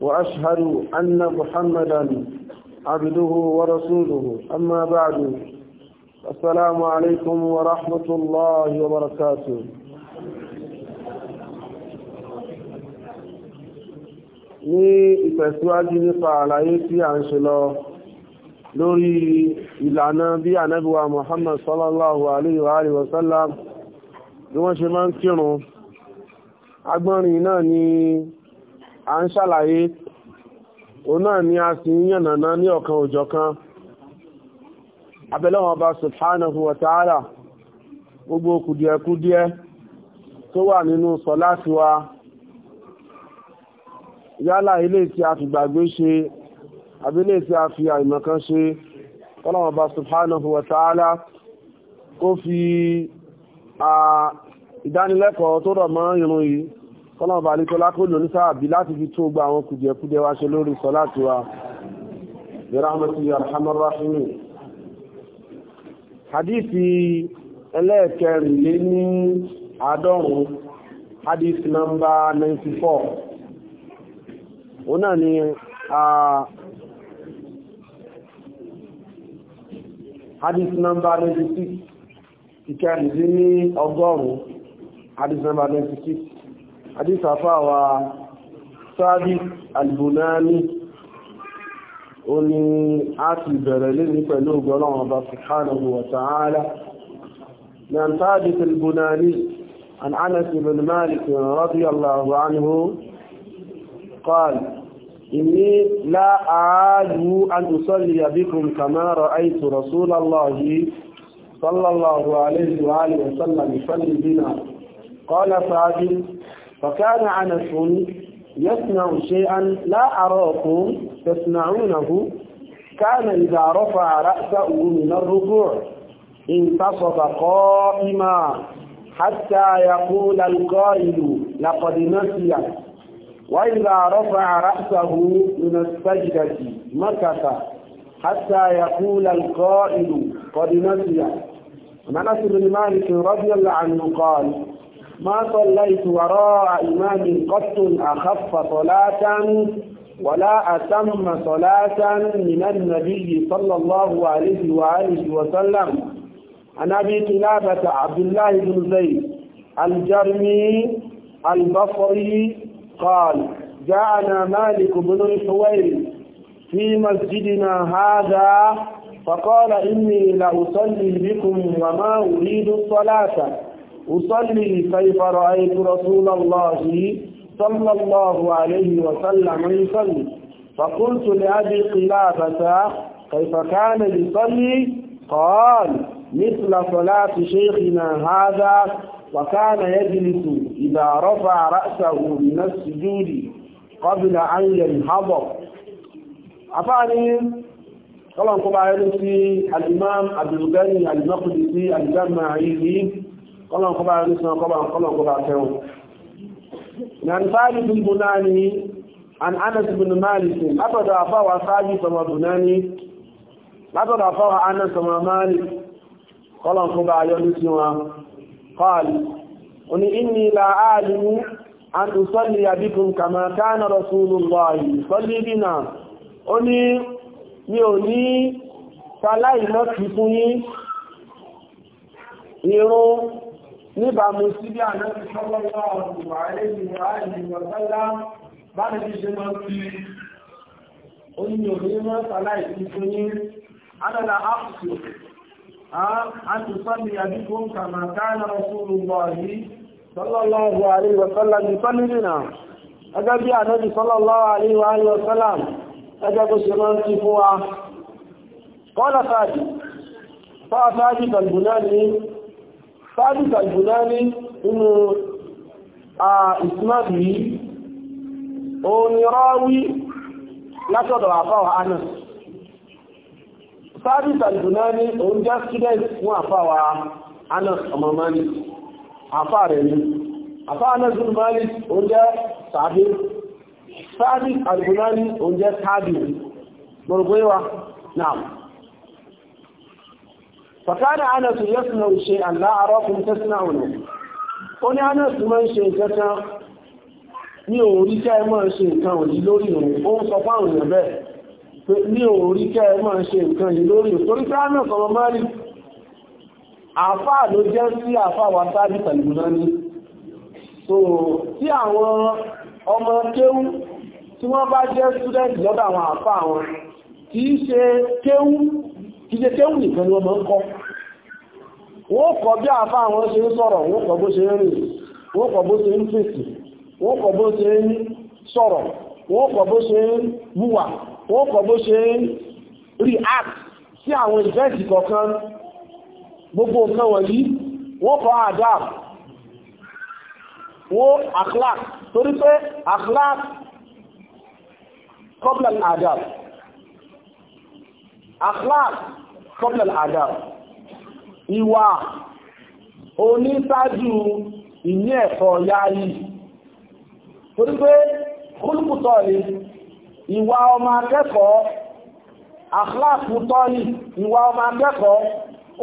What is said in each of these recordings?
وأشهد أن محمدا عبده ورسوله أما بعد السلام عليكم ورحمة الله وبركاته ní ìfẹ̀síwájú nípa àlàyé tí a ń ṣe lọ lórí ìlànà bí ànábíwá Muhammad sallallahu alayhi wa alihi wa sallam bí wọ́n ṣe máa ń kírun agbọ́nrin náà ni à ń ṣàlàyé òun náà ni a sì ń yànnàná ní ọ̀kan òjọ̀ kan abẹ́lẹ́wọ̀n ọba subhanahu wa ta'ala gbogbo kùdìẹ̀kùdìẹ̀ tó wà nínú sọ̀láàtì wa yálà ilé tí a fi gbàgbé ṣe abílé tí a fi àìmọ̀kan ṣe ọlọ́wọ̀n ọba subhanahu wa kó fi ìdánilẹ́kọ̀ọ́ tó rọ̀ mọ́ irun yìí kọ́lọ́mù bá alẹ́kọ́ lákó lò ní sáàbí láti fi tún gba àwọn kùdìẹ̀kùdìẹ̀ wá ṣe lórí sọ láti wa birahmatihi arhamar hadithi ẹlẹ́ẹ̀kẹrin lé ní àádọ́rùn hadith nọ́mbà 94 òun náà ni a hadith nọ́mbà 96 ìkẹrin lé ní ọgọ́rùn hadith nọ́mbà 96 hadith àfáwà sáàbí albunani ó ní a ti bẹ̀rẹ̀ سبحانه وتعالى، ọgbọ́lọ́wọ́ bá subhanahu wa ta'ala من ثابت البناني عن انس بن مالك رضي الله عنه قال إني لا أعاد أن أصلي بكم كما رأيت رسول الله صلى الله عليه وآله وسلم يصلي بنا قال ثابت فكان أنس يصنع شيئا لا أراكم تصنعونه كان إذا رفع رأسه من الركوع انتصب قائما حتى يقول القائل لقد نسي وإذا رفع رأسه من السجدة مكث حتى يقول القائل قد نسي عن أنس بن مالك رضي الله عنه قال ما صليت وراء إمام قط أخف صلاة ولا أتم صلاة من النبي صلى الله عليه وآله وسلم عن أبي قلابة عبد الله بن زيد الجرمي البصري قال جاءنا مالك بن الحويل في مسجدنا هذا فقال إني لأصلي بكم وما أريد الصلاة أصلي كيف رأيت رسول الله صلى الله عليه وسلم يصلي فقلت لأبي قلابة كيف كان يصلي قال مثل صلاة شيخنا هذا وكان يجلس إذا رفع رأسه من السجود قبل أن ينهض أفعني طبعا قبعا في الإمام أبو الغني المقدسي الجماعي kọ́lọ̀ kọ́bà ní sọ kọ́lọ̀ kọ́bà tẹ́wọ̀n na nfààrí bin bunani an anas bin malik látọ̀dọ̀ àfáwà sáájú sọmọ bunani látọ̀dọ̀ àfáwà anas sọmọ malik kọ́lọ̀ kọ́bà yọlú sí wọn kọ́ọ̀lì oní inni la alimu an usalli abikum kama kana rasulullahi salli bina ó ní mi ò ní saláìmọ́ kìí fún yín irun níbàmú sí bí ànábi sọ́lọ́lọ́ ọ̀rùn àìlèyìn àìlèyìn ọ̀sẹ́lá bá ní bí ṣe máa fi oyin òmìnir máa sàláì sí fún yín adọ́là ápùsù àtùsọ́lì àdúgbò ń kà máa káàlà ọ̀sùn lọ yìí sọ́lọ́lọ́ ọ̀rùn àìlèyìn ọ̀sẹ́lá ní sọ́lì nìna sáàdùs àlùbùnáni nínú ìsìnàbì yìí òun ni rọ́wí látọ̀dọ̀ àfáwà anas sáàdùs àlùbùnáni òun jẹ́ student fún àfáwà anas ọmọ mani àfáà rẹ̀ ni àfáà anas bin malik òun jẹ́ sàbí sáàdùs àlùbùnáni òun jẹ́ sábì mọ̀rọ̀gbẹ́wà فكان أنس يصنع شيئا لا أراكم تصنعونه قل أنس من شيئا ní orí kẹ́ máa ṣe nǹkan òyí lórí òun ó ń sọ fáwọn èèyàn bẹ́ẹ̀ pé ní orí kẹ́ máa ṣe nǹkan yìí lórí òun torí ká náà sọmọ so tí àwọn ọmọ kéwú tí wọ́n student lọ́dọ̀ àwọn àfà wọn kì kíjẹ kéwù nìkan ni wọ́n máa ń kọ́ wọ́n kọ́ bí àfá àwọn ṣe ń sọ̀rọ̀ wọ́n kọ́ bó ṣe ń rìn wọ́n kọ́ bó ṣe ń fèsì wọ́n kọ́ bó ṣe ń sọ̀rọ̀ wọ́n kọ́ bó ṣe ń wùwà wọ́n kọ́ bó ṣe ń react sí àwọn ìfẹ́ǹtì kọ̀ọ̀kan gbogbo nǹkan wọ̀nyí wọ́n kọ́ adab wọ́n akhlaq torí pé akhlaq qabla adab akhlaq kọ́pẹ̀lẹ̀ adam ìwà oníṣáájú ìní ẹ̀kọ́ yáyí torí pé kúlùkùtọ̀ ni ìwà ọmọ akẹ́kọ̀ọ́ akhlaq tọ́ iwa ìwà ọmọ akẹ́kọ̀ọ́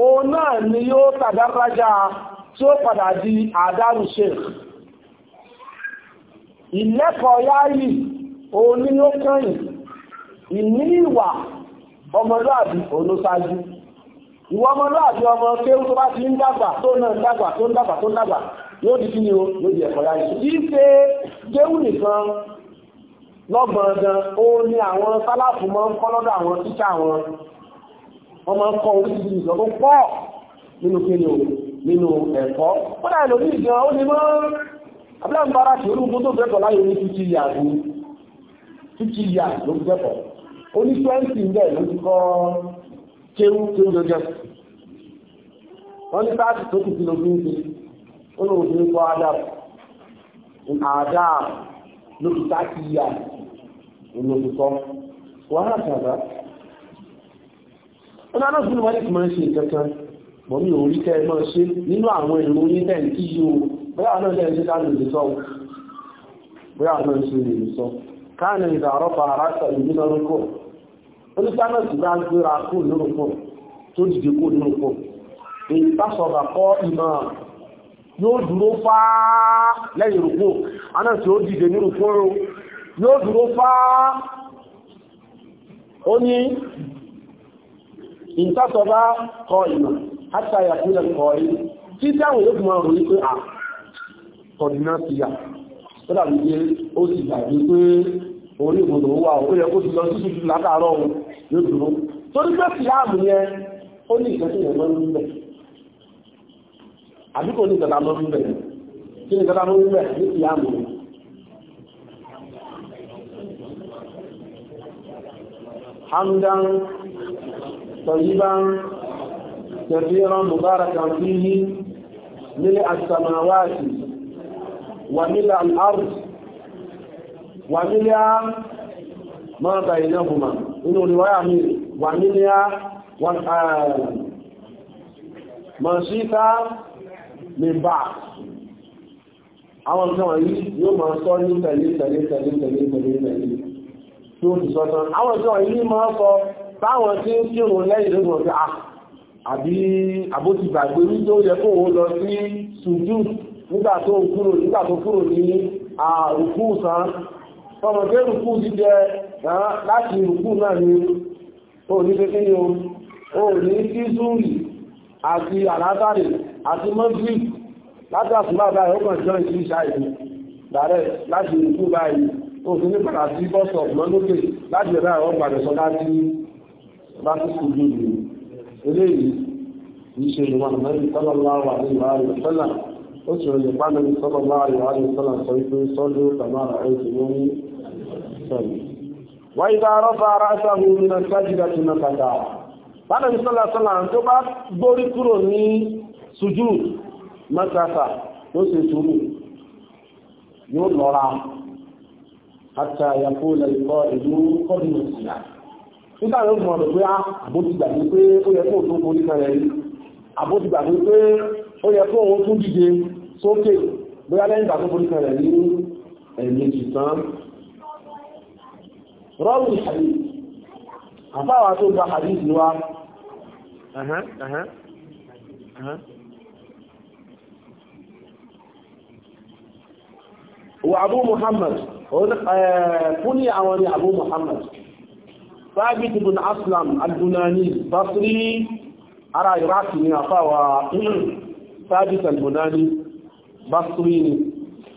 òun náà ni yóò tàdárájá tí ó padà di àdárù sheikh ìlẹ́kọ̀ọ́ yáyí òun ni yóò kẹ́yìn ìní ìwà ọmọlúàbí olóṣáájú ìwọ ọmọlúàbí ọmọ kéwù tó bá ti ń dàgbà tó náà ń dàgbà tó ń dàgbà tó ń dàgbà yóò di kíni o yóò di ẹ̀kọ́ láyé kì í ṣe kéwù nìkan lọ́gbọ̀n gan ó ní àwọn sáláàfù máa ń kọ́ lọ́dọ̀ àwọn tíṣà wọn wọ́n máa ń kọ́ oríṣiríṣi ìṣọ́ tó pọ̀ nínú kíni o nínú ẹ̀kọ́ kódà ìlòmíì gan ó ní mọ́ abúlé ń bára kí orúkú tó fẹ́kọ̀ọ́ láyé ní títí yà ló fẹ́kọ̀ọ́ oní twenty ń bẹ̀ ló ti kọ́ kéwú tó ń jọjọ wọ́n ní táàtì tó kù sí lóbi ń ó lóun fi ń kọ́ ádámù àdáà lóbi táàkì yà olóòtútọ́ wàhálà tàbá ó dáná fún ìwọ́n ìtìmọ̀ ṣe ìkẹkàn bọ̀ mí orí kẹ́ mọ́ ṣe nínú àwọn èrò onítẹ̀ kí yíò bóyá náà lẹ́ ṣe dáná lè sọ bóyá náà ṣe lè sọ káà ní ìdàrọ́pàá aráta na rúkọ̀ onísánàtì bá gbéra kú nínú pọ̀ tó dìde kú nínú pọ̀ èyí bá sọ̀rọ̀ kọ́ ìmọ̀ yóò dúró fáá lẹ́yìn rúkú aná tí ó dìde nínú pọ̀ yóò dúró fáá ó ní ìtàtọ̀bá kọ ìmọ̀ àtàyà fúnlẹ̀ kọ ìmọ̀ tí dáwọn yóò fún ọrùn wípé à kọ̀dínà sí à tó dàbí pé ó sì dàbí pé orí ìbòdò wà ó yẹ kó ti lọ sí ṣùgbọ́n látàárọ̀ ohun yóò dúró torí pé fìyàmù yẹn ó ní ìgbésẹ̀ yẹn lọ nílẹ̀ àbí kò ní ìgbésẹ̀ lọ nílẹ̀ kí ni ìgbésẹ̀ lọ nílẹ̀ ní fìyàmù yẹn. hamdan tayyiban kafiran mubarakan fihi mili as-samawati wa mili al wà nílé á máa bá iná fúnmà inú olùwáyà mi wà nílé á máa sí ká lè bá àwọn nǹkan wọ̀nyí yóò máa sọ ní tẹ̀lé tẹ̀lé tẹ̀lé tẹ̀lé tẹ̀lé tẹ̀lé tí ó fi sọ tán àwọn nǹkan wọ̀nyí máa sọ táwọn tí ń kírun lẹ́yìn lóògùn ọ̀gá ah, àbí àbótí gbàgbé ní tó yẹ kó òun lọ sí sùjú nígbà tó kúrò nígbà tó kúrò ní àrùkú sàn ọmọ pé rùkú jíjẹ láti rùkú náà ni o ní pé kíni o ní sí zúrì àti àlátàrí àti mọ́sí láti àsùnbà báyìí ó kàn jọ́n sí ṣáìdì dàrẹ́ láti rùkú báyìí o fi ní padà sí bọ́sọ̀ ọ̀pọ̀ lókè láti ẹ̀rọ àwọn pàdé sọ láti bá sí kùjú ìlú eléyìí ìṣe ìwọ̀n mẹ́rin sallallahu alaihi wa sallam ó sì rẹ̀ nípa mẹ́rin sallallahu alaihi wa sallam sọ wípé sọ́lú tàbí àrà ẹ̀sìn lórí sọ̀rọ̀ wọ́n ìgbà rọ́bà ara sáhùn nínú sájìdá tó náà kàdà bánà bí sọ́lá sọ́lá tó bá gbórí kúrò ní sujú mẹ́kàtà tó ṣe sùúrù yóò lọ́ra àtà ìyàpò lẹ́kọ́ ìlú kọ́bìnà sílá nígbà yóò mọ̀ rẹ̀ pé ah, àbótìgbà ní pé ó yẹ kó tó borí kan rẹ̀ àbótìgbà ní pé ó yẹ kó òun tún dìde sókè bóyá lẹ́yìn ìgbà tó borí kan rẹ̀ ní ẹ̀mí ìtàn rọ́wù hadith àfáwà tó gba hadith ni wá wa abu muhammad kúni eh, àwọn ni abu muhammad sáàbí ti bin aslam al-bunani basri ara iraki ni àfáwà sáàbí al-bunani basri ni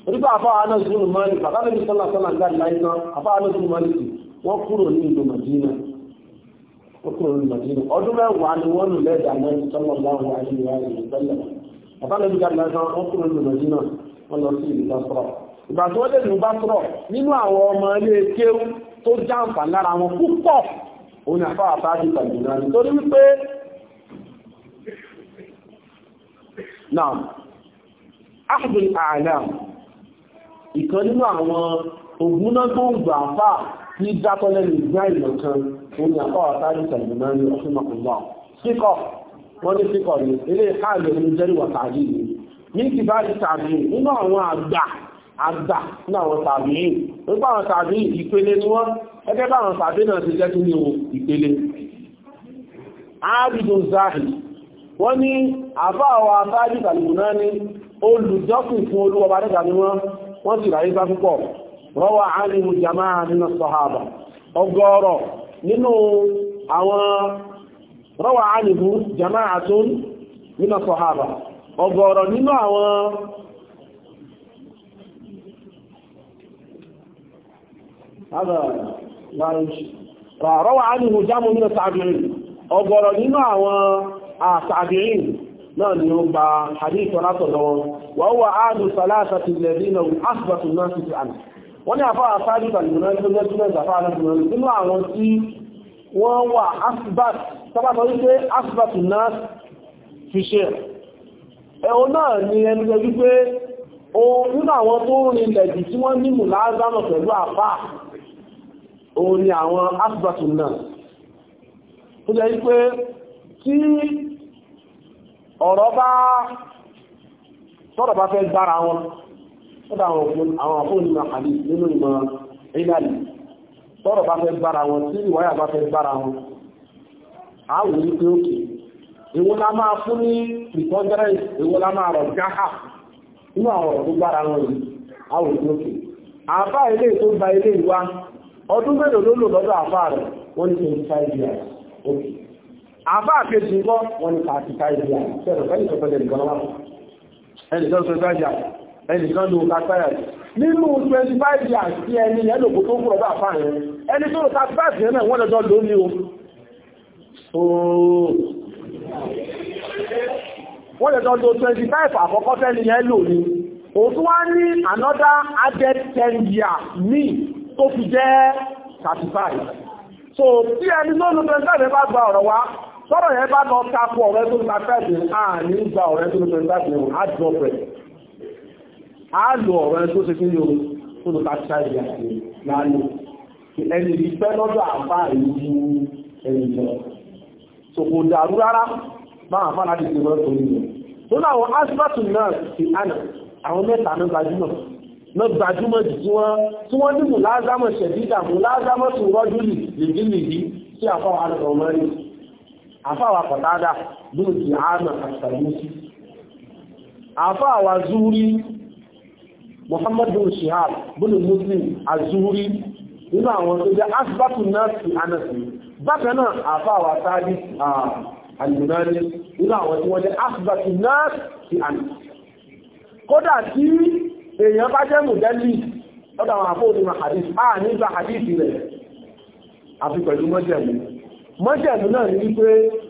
rípa àfáwà náà zuwa mani kàkàrẹ̀ sọ́lá sọ́lá gbáàlá iná àfáwà náà zuwa mani wọ́n kúrò ní ìlú Madina wọ́n kúrò ní Madina ọdún mẹ́wàá ni wọ́n lù lẹ́dà náà sallallahu alaihi wa sallam bàbá lẹ́bí gàdá náà wọ́n kúrò ní Madina wọ́n lọ sí ìlú Basra ìgbà tí wọ́n lè lù Basra nínú àwọn ọmọ ilé kéwú tó jáǹfà lára wọn púpọ̀ òun àfà àfáàdì pẹ̀lú náà nítorí wípé náà áàbùn àlàm ìkan nínú àwọn ògúnná tó ń gbà fáà ní dákọ́lẹ́nu ìgbà ìlọ kan òun ni àkọ́ àtàrí tẹ̀lẹ̀mọ́ ní ọdún mọ̀kànlá síkọ̀ wọ́n ní síkọ̀ ní ilé káàlẹ̀ ní jẹ́rì wà tàbí yìí ní ti bá ti tàbí nínú àwọn àgbà àgbà ní àwọn tàbí yìí nípa àwọn tàbí ìpele ni wọ́n ẹgbẹ́ bá àwọn tàbí náà ti jẹ́ kí ní ìpele ábìdùn záhì wọ́n ní àbá àwọn àtàrí tẹ̀lẹ̀mọ́ ní olùjọ́kùn fún olúwọba dẹ́gbà ni wọ́n wọ́n sì ráyé bá púpọ̀ rọwa ánìmù jama'a nínú sọ̀hábà ọgọ́rọ̀ nínú àwọn rọ́wà ánìmù jama'a tó nínú sọ̀hábà ọgọ́rọ̀ nínú àwọn rọ́wà ánìmù jámù nínú sàbìrín ọgọ́rọ̀ nínú àwọn àsàbìrín náà ni ó gba hadith ọlátọ̀lọ́wọ́ wọ́n wà áàdù sàlásàtì lẹ́bí náà náà wọ́n ní àfáà sáájú tàbílẹ̀ tó jẹ́ student àfáà lẹ́gbẹ̀rẹ̀ nínú àwọn tí wọ́n wà asbat sábàtọ̀ wípé asbat náà fi ṣe ẹ̀hùn náà ni ẹni jẹ́ wípé ohun nínú àwọn tó rìn lẹ̀jì tí wọ́n ní mùláàzámọ̀ pẹ̀lú àfáà òun ni àwọn asbat náà tó jẹ́ wípé tí ọ̀rọ̀ bá fẹ́ gbára wọn sọ́dọ̀ àwọn fún ìmọ̀ àdì nínú ìmọ̀ ìlàlì tọ́rọ̀ bá fẹ́ bára wọn tí ìwáyà bá fẹ́ bára wọn àwọn wípé òkè máa fún ní ìtọ́jẹ́rẹ́ máa rọ̀ inú àwọn ọ̀rọ̀ tó bára wọn yìí àwọn òkè ilé tó gba ilé ìwá ọdún ló lò lọ́dọ̀ rẹ̀ wọ́n ní years òkè ń wọ́n ní years ẹnìkan ló kátáyà nínú 25 years tí ẹni yẹn lòkó tó kúrò bá fà yẹn ẹni tó lò 35 yẹn náà wọ́n lọ́jọ́ ló ní o wọ́n lọ́jọ́ lò 25 àkọ́kọ́ tẹ́ni yẹn lò ní o tún wá ní another added 10 years ní tó fi jẹ́ 35 so tí ẹni tó lò 25 bá gba ọ̀rọ̀ wá sọ́rọ̀ yẹn bá lọ kápọ̀ ọ̀rẹ́ tó lò 35 àní gba ọ̀rẹ́ tó lò 25 á dọ̀pẹ̀ àálò ọ̀rọ̀ ẹni tó ṣe fún yóò tó lọ láti ṣáà ìyá lálò ẹni ìfẹ́ lọ́dọ̀ àfá ìlú ẹni lọ so kò dàrú rárá bá àfá láti ṣe mọ́ tó nílò tó láwọn asibatu náà ti àná àwọn mẹ́ta náà gbajúmọ̀ náà gbajúmọ̀ jù tí wọ́n tí wọ́n ní mùlázámọ̀ ṣẹ̀dídà mùlázámọ̀ tó rọ́jú lìdí lìdí sí àfá wa lọ́dọ̀ mọ́rin àfá wa kọ̀tádà lóòtì àmà àtàlùmọ́sí àfá wa zúrí Muhammad bin Shihab bin Muslim Az-Zuhri nínú àwọn tó jẹ́ asibatu nasi anasi bákan náà àfáwà sáájú àlùmọ́ni nínú àwọn tí wọ́n jẹ́ asibatu nasi anasi kódà tí èèyàn bá jẹ́ mùdẹ́lì lọ́dọ̀ àwọn àfóòdì ma hadith a nígbà hadith rẹ̀ àfi pẹ̀lú mọ́jẹ̀mú mọ́jẹ̀mú náà ní wípé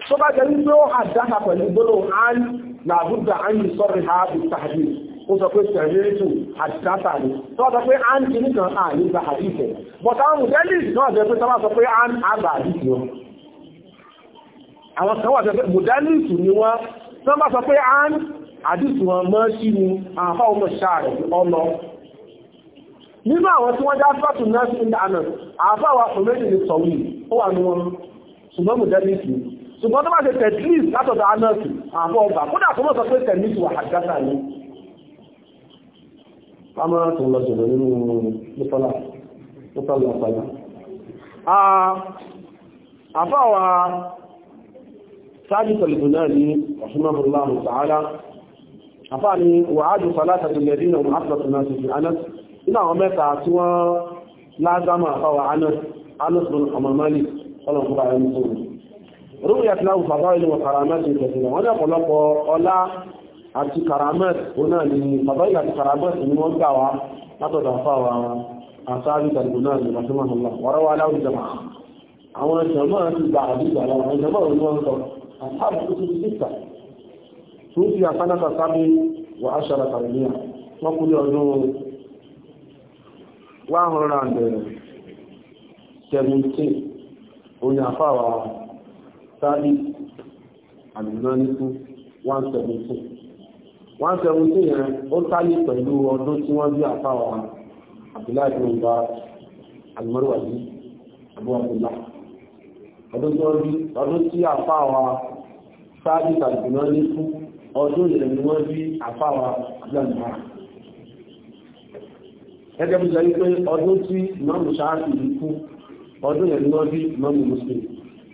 tó bá jẹ́ wípé ó hàdáta pẹ̀lú gbólóhùn án làbúgbà án yìí ha bí tàbí ó sọ pé sẹ̀rẹ́rẹ́tù àtìkátà ni tó sọ pé a ń ti nìkan à ní gba àdìsẹ̀ but àwọn mùdẹ́lìs náà jẹ́ pé tọ́wà sọ pé a ń àgbà àdìsẹ̀ wọn àwọn kan wà tẹ́fẹ́ mùdẹ́lìs ni wọ́n tó bá sọ pé a ń àdìsẹ̀ wọn mọ́ sí ni àfá ọmọ ṣáàrẹ̀ ọlọ nínú àwọn tí wọ́n já fàtù nọ́ọ̀sì ní àná àfá wa òmẹ́jì ni sọ̀wì ó wà ní wọn ṣùgbọ́n mùdẹ́lìs ni ṣùgbọ́n tó bá ṣe tẹ̀lís látọ̀dọ̀ anọ́ọ̀sì àfọ́ ọgbà kódà tó mọ̀ sọ pé tẹ̀lís wà àjásà ni pàmọ́ràn tó lọ jùlọ nínú nípọ́lá pàdà àfáwà sáájú pẹ̀lú náà ní ọ̀ṣunmọ́bùnláhùn tààrà àfáà ni wàájú falátàtù lẹ́rí na mọ́hàtàtù náà ti fi anas iná àwọn mẹ́ta tí wọ́n lágbàmà àfáwà anas bin ọmọmọ́lì àti karamet onáà ni fàbáyì àti karamet ni wọ́n gbà wá látọ̀dà fáwà àtàrí tàbí náà ni rahimahullah warawa aláwọ̀ jama'a àwọn jama'a ti gbà àdígbà láwọn jama'a ni wọ́n sọ àtàrí tó ti síta tó fi àtàlátà sábé wà áṣàrà tàbíyà wọ́n kú ní ọdún 117 oní àfáwà sábé àdìgbà ní 117 wọ́n seventeen yẹn ó tálé pẹ̀lú ọdún tí wọ́n bí àfáwà Abdullahi bin ba alimọ́rùwàdí abu abdullah ọdún tí wọ́n bí ọdún tí àfáwà sáájú tàbí náà ní fún ọdún yẹn ni wọ́n bí àfáwà Abdullahi bin gẹ́gẹ́ bí sọ wípé ọdún tí ìmọ̀mù sáájú yìí fún ọdún yẹn ni wọ́n bí ìmọ̀mù Muslim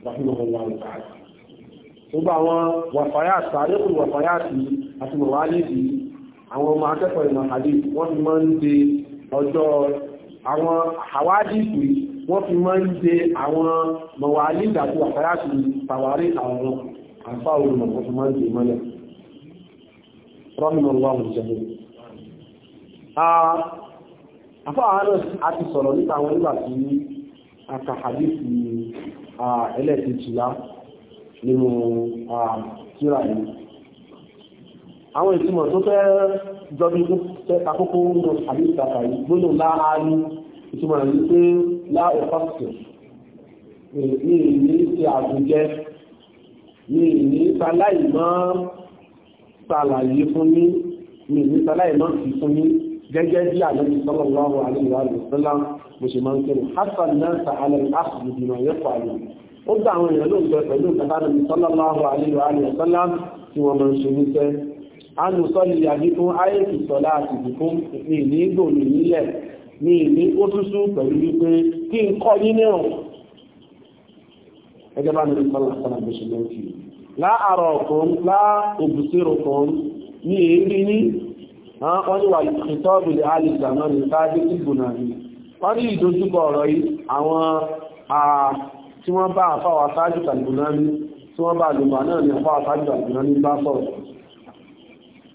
rahimahullah ta'ala gbogbo àwọn wàfáyàtì àdékùn wàfáyàtì àti mọ̀wálẹ́bí àwọn ọmọ akẹ́kọ̀ọ́ ìmọ̀ àdé wọ́n fi máa ń de ọjọ́ àwọn àwádìí wọ́n fi máa ń de àwọn mọ̀wálẹ́bí àti wàfáyàtì tàwárí àwọn àfá olùmọ̀ wọ́n fi máa ń de mọ́lẹ̀ rọ́mìnà lọ́wọ́ ìjẹ́bẹ̀ àfá àwọn àti sọ̀rọ̀ nípa àwọn nígbà tí a kà hadith ẹlẹ́ẹ̀kejìlá nínú àtìrà yìí àwọn ìtumọ̀ tó fẹ́ jọbi àkókò nínú àdìsàkà yìí gbónú lára ní ìtumọ̀ rẹ̀ wípé láàrù pásítọ̀ ní ìní ti àgùnjẹ ní ìní saláìmọ́ sàlàyé fún ní ní ìní saláìmọ́ sí fún ní gẹ́gẹ́ bí àlẹ́bí sallallahu alaihi wa sallam mo ṣe máa ń kẹ́rù hasan náà sàálẹ̀ àṣìbìnà yẹ́pọ̀ àlẹ́ ó gbà àwọn èèyàn lóògbé pẹ̀lú ìtàbánu sallallahu alaihi wa sallam tí wọ́n mọ̀ ṣe wíṣẹ́ a nù sọ́lì àbí fún ayéṣì sọ́lá àti ìdìkún ní ìní gbòmì nílẹ̀ ní ìní ó tútù pẹ̀lú wípé kí n kọ́ yín ní ọ̀rùn ẹgbẹ́ bá ní sọ́lá sọ́lá bó ṣe lọ́ọ̀kì ní èébí tí wọ́n bá àfáwà sáájú tàbí tí wọ́n bá lùmọ̀ náà ni àfáwà sáájú tàbí bá sọ̀rọ̀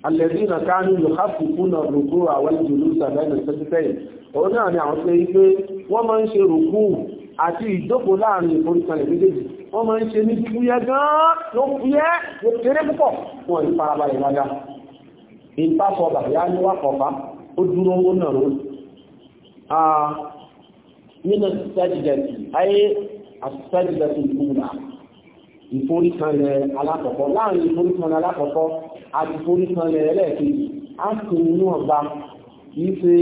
alẹ́dínà káàní lùkàfù fún rùkú àwọn ìjòlú sàbẹ́nà sẹ́tẹ́tẹ́yìn òun náà ni àwọn pé wípé wọ́n máa ń ṣe rùkú àti ìjókòó láàrin ìforíkalẹ̀ méjèèjì wọ́n máa ń ṣe ní fúyẹ́ gan-an ló fúyẹ́ kéré púpọ̀ fún ọ̀yí farabalẹ̀ wájá ìpapọ̀ bàyá ní wákọ̀ọ́fà ó dúró owó náà lónìí àṣìṣẹ́lẹ̀ tó gbúra ìforíkanlẹ̀ alákọ̀ọ́kọ́ láàrin ìforíkanlẹ̀ alákọ̀ọ́kọ́ àti ìforíkanlẹ̀ ẹlẹ́ẹ̀kejì á sì nínú ọba kìí ṣe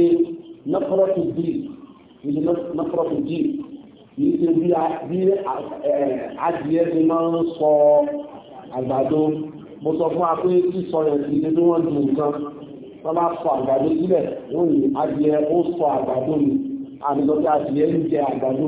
nọ́kọ́rọ́tù dì ìdí nọ́kọ́rọ́tù dì kìí ṣe bí adìẹ ti máa ń sọ àgbàdo mo sọ fún wa pé sísọ yẹn ti di bí wọ́n dùn nǹkan wọ́n bá sọ àgbàdo sílẹ̀ wọ́n yìí adìẹ ó sọ àgbàdo mi àmì lọ́jọ́ adìẹ ń jẹ àgbàdo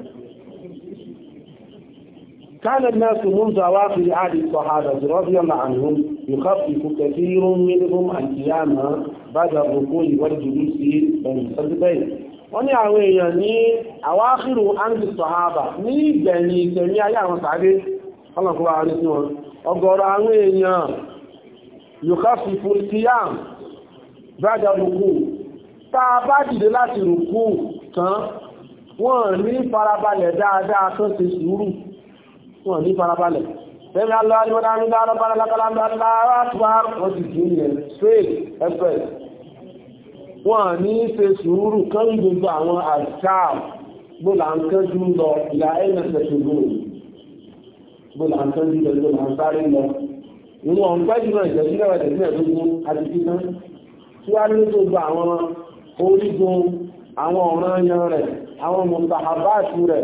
كان الناس منذ أواخر عهد الصحابة رضي الله عنهم يخفف كثير منهم القيام بعد الركوع والجلوس بين السجدين wọ́n àwọn èèyàn ní àwáṣírù áńdì sọ̀hábà ní ìgbẹ̀yìn ìtẹ̀mí ayé àwọn sàábé ọlọ́kọ̀ọ́ àárín sí wọn ọ̀gọ̀rọ̀ àwọn èèyàn fún tá a bá dìde láti tán wọn ní farabalẹ̀ dáadáa tó ti sùúrù wọn ní farabalẹ̀ sẹ́mi aláwọ̀dá ní dáadáa lákàlá wọ́n ní ṣe sùúrù kan gbogbo àwọn àṣáà bóla ń kẹ́jú lọ ìlà ẹ̀nẹ́sẹ̀ ṣùgbọ́n bóla ń kẹ́jú lọ bóla ń sáré lọ inú ọ̀n pẹ́jú náà ìjẹ́jú lẹ́wọ̀ ìjẹ́jú ẹ̀dógún àti títán tí wá ní gbogbo àwọn orígun àwọn ọ̀ràn yan rẹ̀ àwọn mọ̀tàhàbáàtù rẹ̀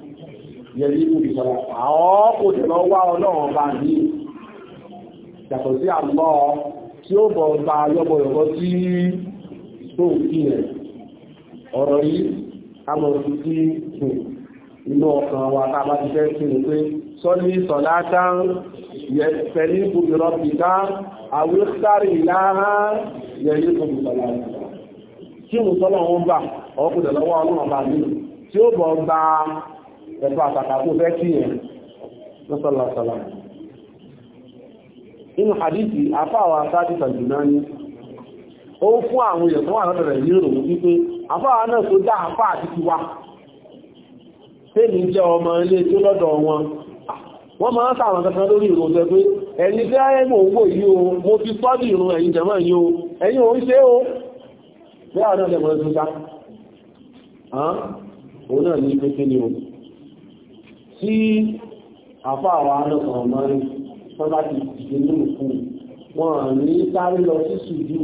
yẹ̀rí ìlú ìṣọ̀lá àwọn kò wá ọlọ́run bá ní yàtọ̀ sí àlọ́ tí ó bọ̀ gba yọ́bọ̀yọ̀bọ̀ tí tó kí rẹ̀ ọ̀rọ̀ yìí a mọ̀ sí sí inú ọkàn wa tá bá ti fẹ́ sí ni pé sọ́lí sọ̀lá tán yẹ̀fẹ̀lí tí ó bọ̀ gba pẹ̀lú àtàkàkù fẹ́ kí yẹn lọ́sọ̀lọ́sọ̀lọ́ inú hadithi afáwà sáàtì tàjùmá ní ó fún àwọn èèyàn tó wà lọ́dọ̀ rẹ̀ ní òun wípé afáwà náà tó dá afá àti ti wá tèmi jẹ́ ọmọ ilé tó lọ́dọ̀ wọn wọ́n máa ń sàwọn kankan lórí ìrùn tẹ́ pé ẹni tí ayé mò ń wò yí o mo fi tọ́jú ìrùn ẹ̀yìn jẹ̀mọ́ yí o ẹ̀yìn òun ṣe o bí àwọn náà lẹ́mọ̀ ẹ̀sùn ká òun náà ní pé kí ni o tí àfá àwọn alọ́sọ̀rọ̀ mọ́rí wọ́n bá ti dìde nínú fún wọn ní sáré lọ sí ṣùjú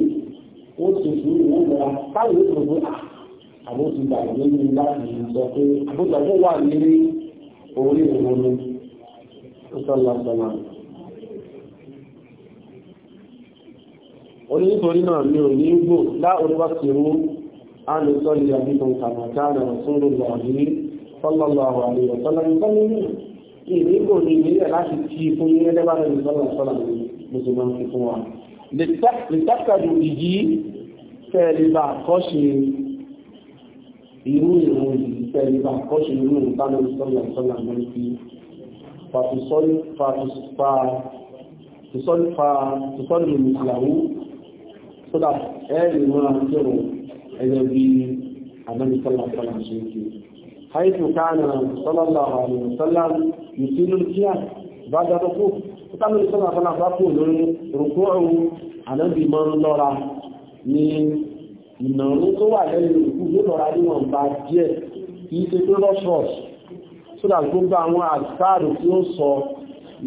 ó ti ṣùjú ó mọ́ra táwọn ètò pé àbó ti gbàgbé ní láti sọ pé àbójọ́pọ̀ wà nílé orí òun ni ó sọ́lá sọ́lá onítorí náà mi ò ní gbò láorí wá sí rú á lè sọ́lé àbíkan kàmàkà rẹ̀ sórò lọ́ọ̀dún sallallahu alaihi wa sallam nǹkan ní ìlú kò ní ìgbésẹ̀ láti ti fún yín ẹgbẹ́ bá rẹ̀ ní sọ́lá sọ́lá ní mùsùlùmí fi fún wa. lè tàkàdù ìdí tẹ́ẹ̀lébà kọ́ṣe irú ìrùn ìdí tẹ́ẹ̀lébà kọ́ṣe irú ìrùn tánà sọ́lá sọ́lá ní fi fàtùsọ́lù mùsùlùmí sódà ẹ̀rì mọ́ra kírun حيث كان صلى الله عليه وسلم يسير القيام بعد الركوع وكان صلى الله عليه وسلم يقول ركوعه على بما لورا ni ìnàrún tó wà lẹ́yìn òkú yóò lọ́ra ní wọn bá díẹ̀ kìí ṣe tó lọ́ṣọ́ọ̀ṣì tó dà gbogbo àwọn àtàrù tí ó sọ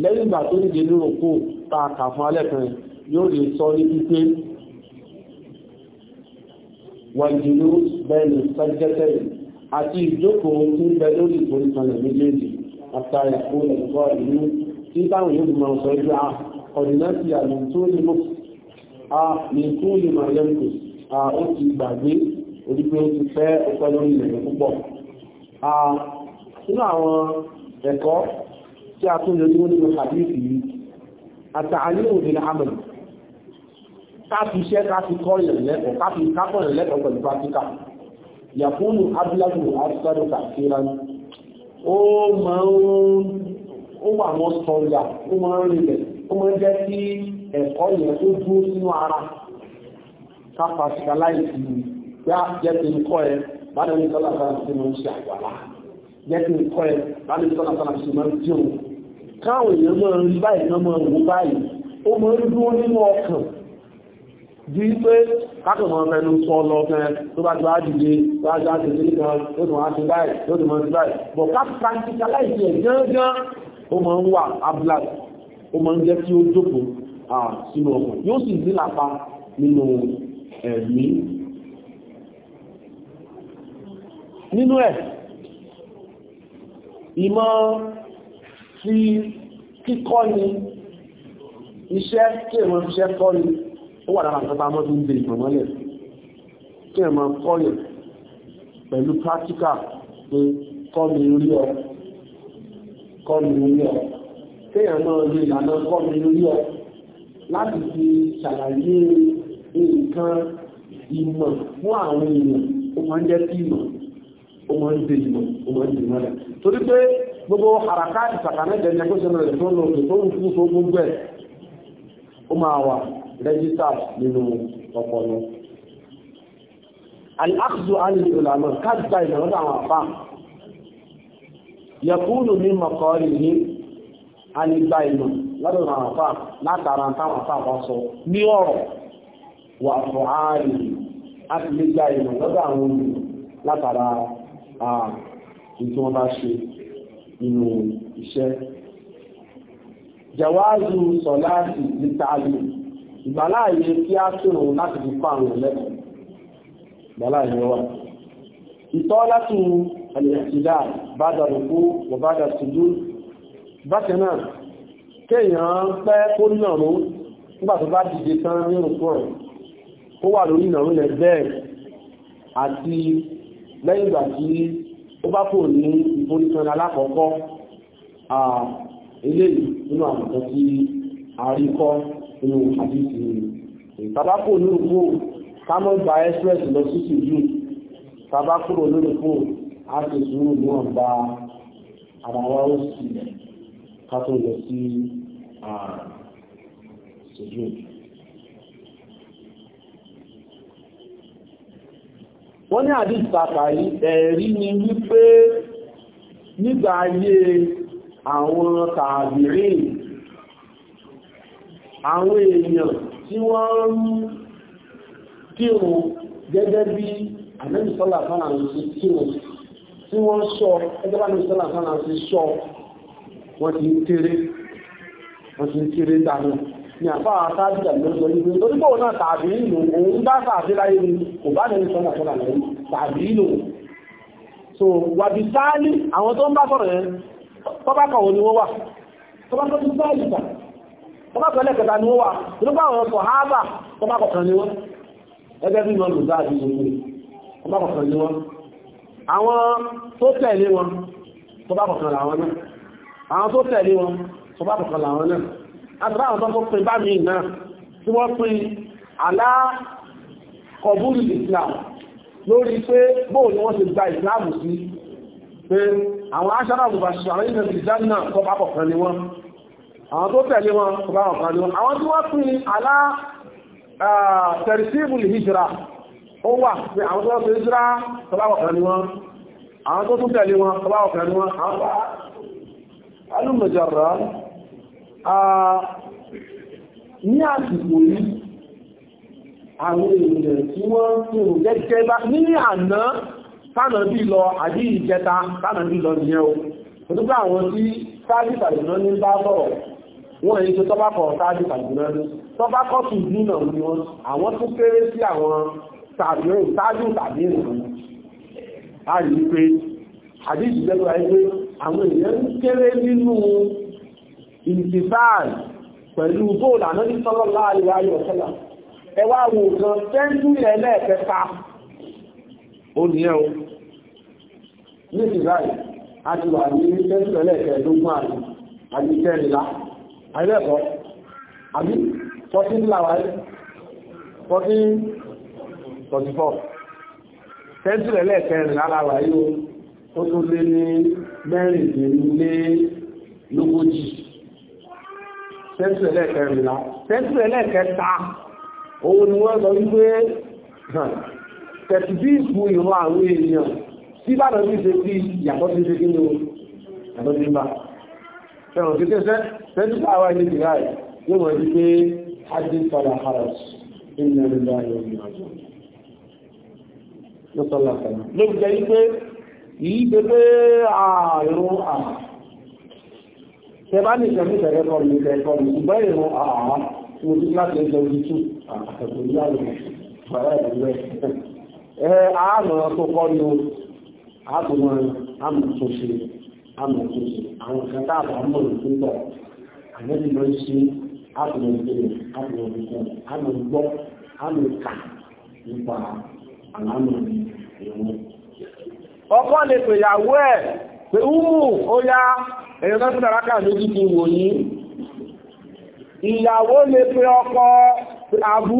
lẹ́yìn ìgbà tó nìje ní òkú àti ìjókòó tí ń bẹ lórí ìforíkanlẹ̀ méjèèjì àtàrí fún ẹ̀kọ́ ìlú tí táwọn yóò máa sọ ẹgbẹ́ a ọ̀dínẹ́sì àmì tó lè mọ́ a ní tó lè máa yẹ́mùkù a ó ti gbàgbé orígbé ó ti fẹ́ ọpẹ́ lórí ilẹ̀ púpọ̀ a nínú àwọn ẹ̀kọ́ tí a tún lè ní nínú hadith yìí àtàrí òdì láàmùn ká fi iṣẹ́ ká fi kọ́ ìrìn ká fi kápọ̀ ìrìn pẹ̀lú yàkúnù abúlágùn àtúgbàdù kàfíra ó máa ń ó wà mọ́ sọ́ọ̀yà ó máa ń rinlẹ̀ ó máa ń jẹ́ sí ẹ̀kọ́ yẹn tó dúró sínú ara kápásítà láìsí gbá jẹ́ ti ń kọ́ ẹ bá lẹ́nu sọ́lá sára sí máa ń ṣe àgbàlá jẹ́ ti ń kọ́ ẹ bá lẹ́nu sọ́lá sára sí máa jí pé kákùnmọ̀ fẹnu sọ lọ fẹ́ tó bá gbá dìde bá gbá dìde nìkan ó tún wá sí báyìí ó tún mọ́ sí báyìí bọ̀ kápítàkítà láìsí ẹ̀ gángan ó mọ̀ ń wà abúlá ó mọ̀ ń jẹ́ kí ó jókòó sínú ọkọ̀ yóò sì ní lápá nínú ẹ̀mí nínú ẹ̀ ìmọ̀ fi kíkọ́ ni iṣẹ́ kí èèmọ̀ fi iṣẹ́ kọ́ ni ó wà lára àtọ́ta mọ́ tó ń de ìtànmọ́lẹ̀ kí ẹ̀mọ́ kọ́yẹ̀ pẹ̀lú practical pé kọ́ mi rí ọ kọ́ mi rí ọ kí ẹ̀mọ́ rí ìlànà kọ́ mi rí ọ láti fi ṣàlàyé nǹkan ìmọ̀ fún àwọn èèyàn ó máa ń jẹ́ kí ìmọ̀ ó máa ń de ìmọ̀ ó máa ń de ìmọ̀lẹ̀ torí pé gbogbo àràká ìsàkánẹ́jẹ̀ ni ẹgbẹ́ sọ́nà rẹ̀ tó ń lò tó ń fún fún gbogbo ẹ̀ ó máa wà Register nínú ọpọlọ. Al-Aqdu Alil Ulama káàkiri ìlọ́dọ̀ àwọn àpá. Yẹ̀kúrù ní mọ̀kọ́rì ní alìgbà ìlú lọ́dọ̀ àwọn àpá látara táwọn àpá kan sọ ní ọ̀rọ̀ wà fún ààrì láti lè gba ìlú lọ́dọ̀ àwọn Jawazu Sọláàtì ní Tààlù ìgbàláàyè kí á kírun láti fi kọ́ àwọn ẹlẹ́kọ̀ọ́ ìgbàláàyè wà ìtọ́ láti ẹ̀lẹ́sìdá bádà rùkú wọ bádà tìjú bákanáà kéèyàn pẹ́ kó nínàrú nígbà tó bá dìde tán ní rùkú rẹ̀ ó wà lórí ìnàrú rẹ̀ bẹ́ẹ̀ àti lẹ́yìn ìgbà tí ó bá kò ní ìforíkan alákọ̀ọ́kọ́ eléyìí nínú àmọ̀tán tí àríkọ́ nínú àdìsí nínú ìtàbákò lórúkú kámọ́ gba express lọ sí ìjú tàbákò lórúkú a sì sùúrù níwọ̀n bá ara wa ó sì ká tó lọ sí ìjú. wọ́n ní àdìsí pàtàkì ẹ̀rí ni wípé nígbà ayé àwọn tàbí rèé àwọn èèyàn tí wọ́n ń kírun gẹ́gẹ́ bí ànábì sọ́là sọ́là ń ṣe kírun tí wọ́n sọ ẹgbẹ́ bá ní sọ́là sọ́là ṣe sọ wọ́n ti ń kéré wọ́n ti ń kéré dànù ni àbá àtàbí àgbẹ̀sọ nígbè tó dípò náà tàbí ìlú òun bá tàbí láyé ni kò bá lẹ́nu sọ́nà sọ́nà lẹ́yìn tàbí ìlú so wàbí sáálí àwọn tó ń bá sọ̀rọ̀ yẹn tọ́bákọ̀ wo ni wọ́n wà tọ́bákọ̀ tó sáálì tàbí ọba kọlẹ̀ kẹta ni ó wà nígbà àwọn ọkọ̀ hábà ọba kọ̀kan ni wọ́n ẹgbẹ́ bí wọn lùdá àti ìlú ọba kọ̀kan ni wọ́n àwọn tó tẹ̀lé wọn ọba kọ̀kan làwọn náà àwọn tó tẹ̀lé wọn ọba kọ̀kan làwọn náà àtàrà àwọn tó pin bá mi náà tí wọ́n pin àlá kọ̀búrú Islam lórí pé bóò ni wọ́n ti gba Islam sí pé àwọn aṣáájú àbùbàṣà àwọn ìlú ìdáná kọ́ bá kọ̀kan ni wọ́n àwọn tó tẹ̀lé wọn bá wọn kan ní wọn àwọn tí wọ́n pín alá tẹ̀rìsíìbù hijira ó wà pé àwọn tó tẹ̀lé hijira tó bá wọn kan ní wọn àwọn tó tún tẹ̀lé wọn tó bá wọn kan ní wọn àwọn alùmọ̀jọ̀rọ̀ ní àsìkò yìí àwọn èèyàn tí wọ́n tún gẹ́gẹ́ bá ní àná tánà bí lọ àbí ìjẹta tánà bí lọ nìyẹn o. Òtúgbà àwọn tí sáàbìtà ìná ní bá bọ̀rọ̀ wọ́n èyí tó tọ́bá kọ̀ táàdì tàbílẹ́rú tọ́bá kọ́ sí ìlú náà ni wọ́n àwọn tó kéré sí àwọn tàbílẹ́rú táàdì tàbí ìrìn a rí i pé àdéjì lẹ́nu ayé àwọn èèyàn ń kéré nínú ìtìsáàlì pẹ̀lú bóòlù ànábì sọ́lọ́ láàrin ayé ọ̀sẹ́là ẹ wá wo kan sẹ́ńtúrì ẹlẹ́ẹ̀kẹta ó nìyẹn o ní ìtìsáàlì a ti wà ní sẹ́ńtúrì ẹlẹ́ẹ̀kẹẹ̀dógún àti àti kẹrìnlá àìlẹ́ẹ̀kọ́ àbí 14 láwárí 14 34 tẹ́ntìrẹ̀ lẹ́ẹ̀kẹrin láwárí ó tó lé ní mẹ́rìndínlé lógójì tẹ́ntìrẹ̀ lẹ́ẹ̀kẹrin lá tẹ́ntìrẹ̀ lẹ́ẹ̀kẹta òun ni wọ́n lọ wípé tẹ̀tù bí àwọn èèyàn sí bá lọ sí ìyàtọ̀ ṣẹ̀rọ̀ sí tẹ́sẹ́ tẹ́sẹ́ àwọn ilé ìrà ẹ̀ yóò wọ́n di pé adin fara haras inú ìlú ayé omi àjọ ló sọ́lá kanáà ló fi jẹ́ pé yìí pé pé ààrùn àà tẹ́bá ní ìṣẹ́mí tẹ̀rẹ́ kọ́ mi tẹ̀rẹ́ kọ́ mi ṣùgbọ́n ìrùn àà mo ti láti ẹjọ́ ojú tù àtùmọ̀ àmì tó ṣe amòtò àwọn kan tá àbá mọ̀ ní púpọ̀ àmẹ́lì ló ń ṣe àbùrọ̀gbẹ̀rẹ̀ àbùrọ̀gbẹ̀rẹ̀ àmọ̀gbọ́ àmọ̀kà nípa àlámọ̀ ìwọ̀n. ọkọ lè pèyàwó ẹ pé umu ó yá èèyàn tó ti daraka méjì ti wò ní ìyàwó lè pe ọkọ àbú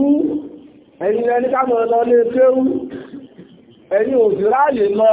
ẹ̀yìn ẹni ká mọ̀ lọ lè kéwú ẹ̀yìn òsì ráàyè lọ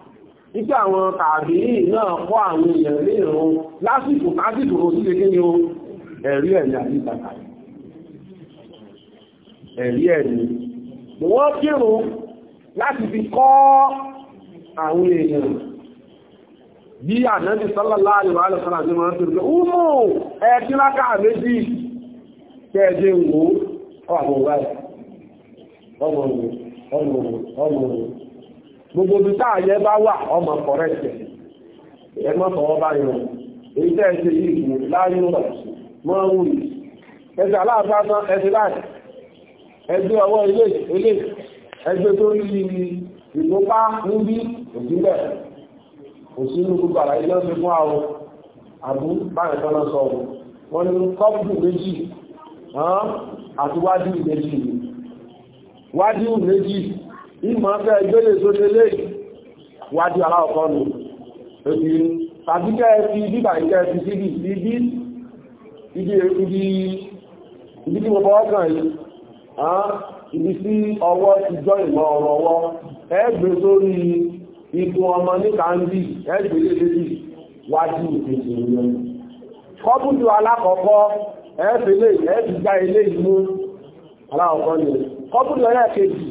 nígbà àwọn tàbí náà kọ́ àwọn èèyàn lé ìrún lásìkò lásìkò oṣù lè kéde o ẹ̀rí ẹ̀rí àti ẹ̀rí ẹ̀rí wọ́n kírun láti fi kọ́ àwọn èèyàn bí ànábì sọ́lọ́lá gbogbo ibi tá àyẹ bá wà ọmọ kọ̀rẹ́tẹ̀ ẹ mọ́ fọwọ́ bá yọ èyí tẹ́ ẹ ṣe yìí kù láyún rẹ̀ mọ́ ń wù ẹsẹ̀ aláàfáàsán ẹsẹ̀ láì ẹgbẹ́ ọwọ́ ilé ilé ẹgbẹ́ tó rí ìgbópá níbi òsínbẹ̀ òsínú gbogbo àlàyé náà fi fún àwọn àbú báyìí tán náà sọ wọn ni kọ́pù méjì àti wájú méjì wájú méjì ìmọ̀ ọ̀fẹ́ ìgbélé sóṣe lè wájú aláwọ̀kọ́ nù òbìrí tàbí kẹ́ fi bíbà ìkẹ́ fi síbì ibi ibi tí gbogbo ọkàn yìí ibi sí ọwọ́ ti jọ ìmọ̀ ọ̀rọ̀ ọwọ́ ẹgbẹ́ sórí ikú ọmọ ní kàndí ẹgbẹ́ lébí wájú ìpèsè ìyẹn kọ́bùdù lè ẹgbẹ́ gbá ilé ìmú aláwọ̀kọ́ nù kọ́bùdù ẹlẹ́ẹ̀kejì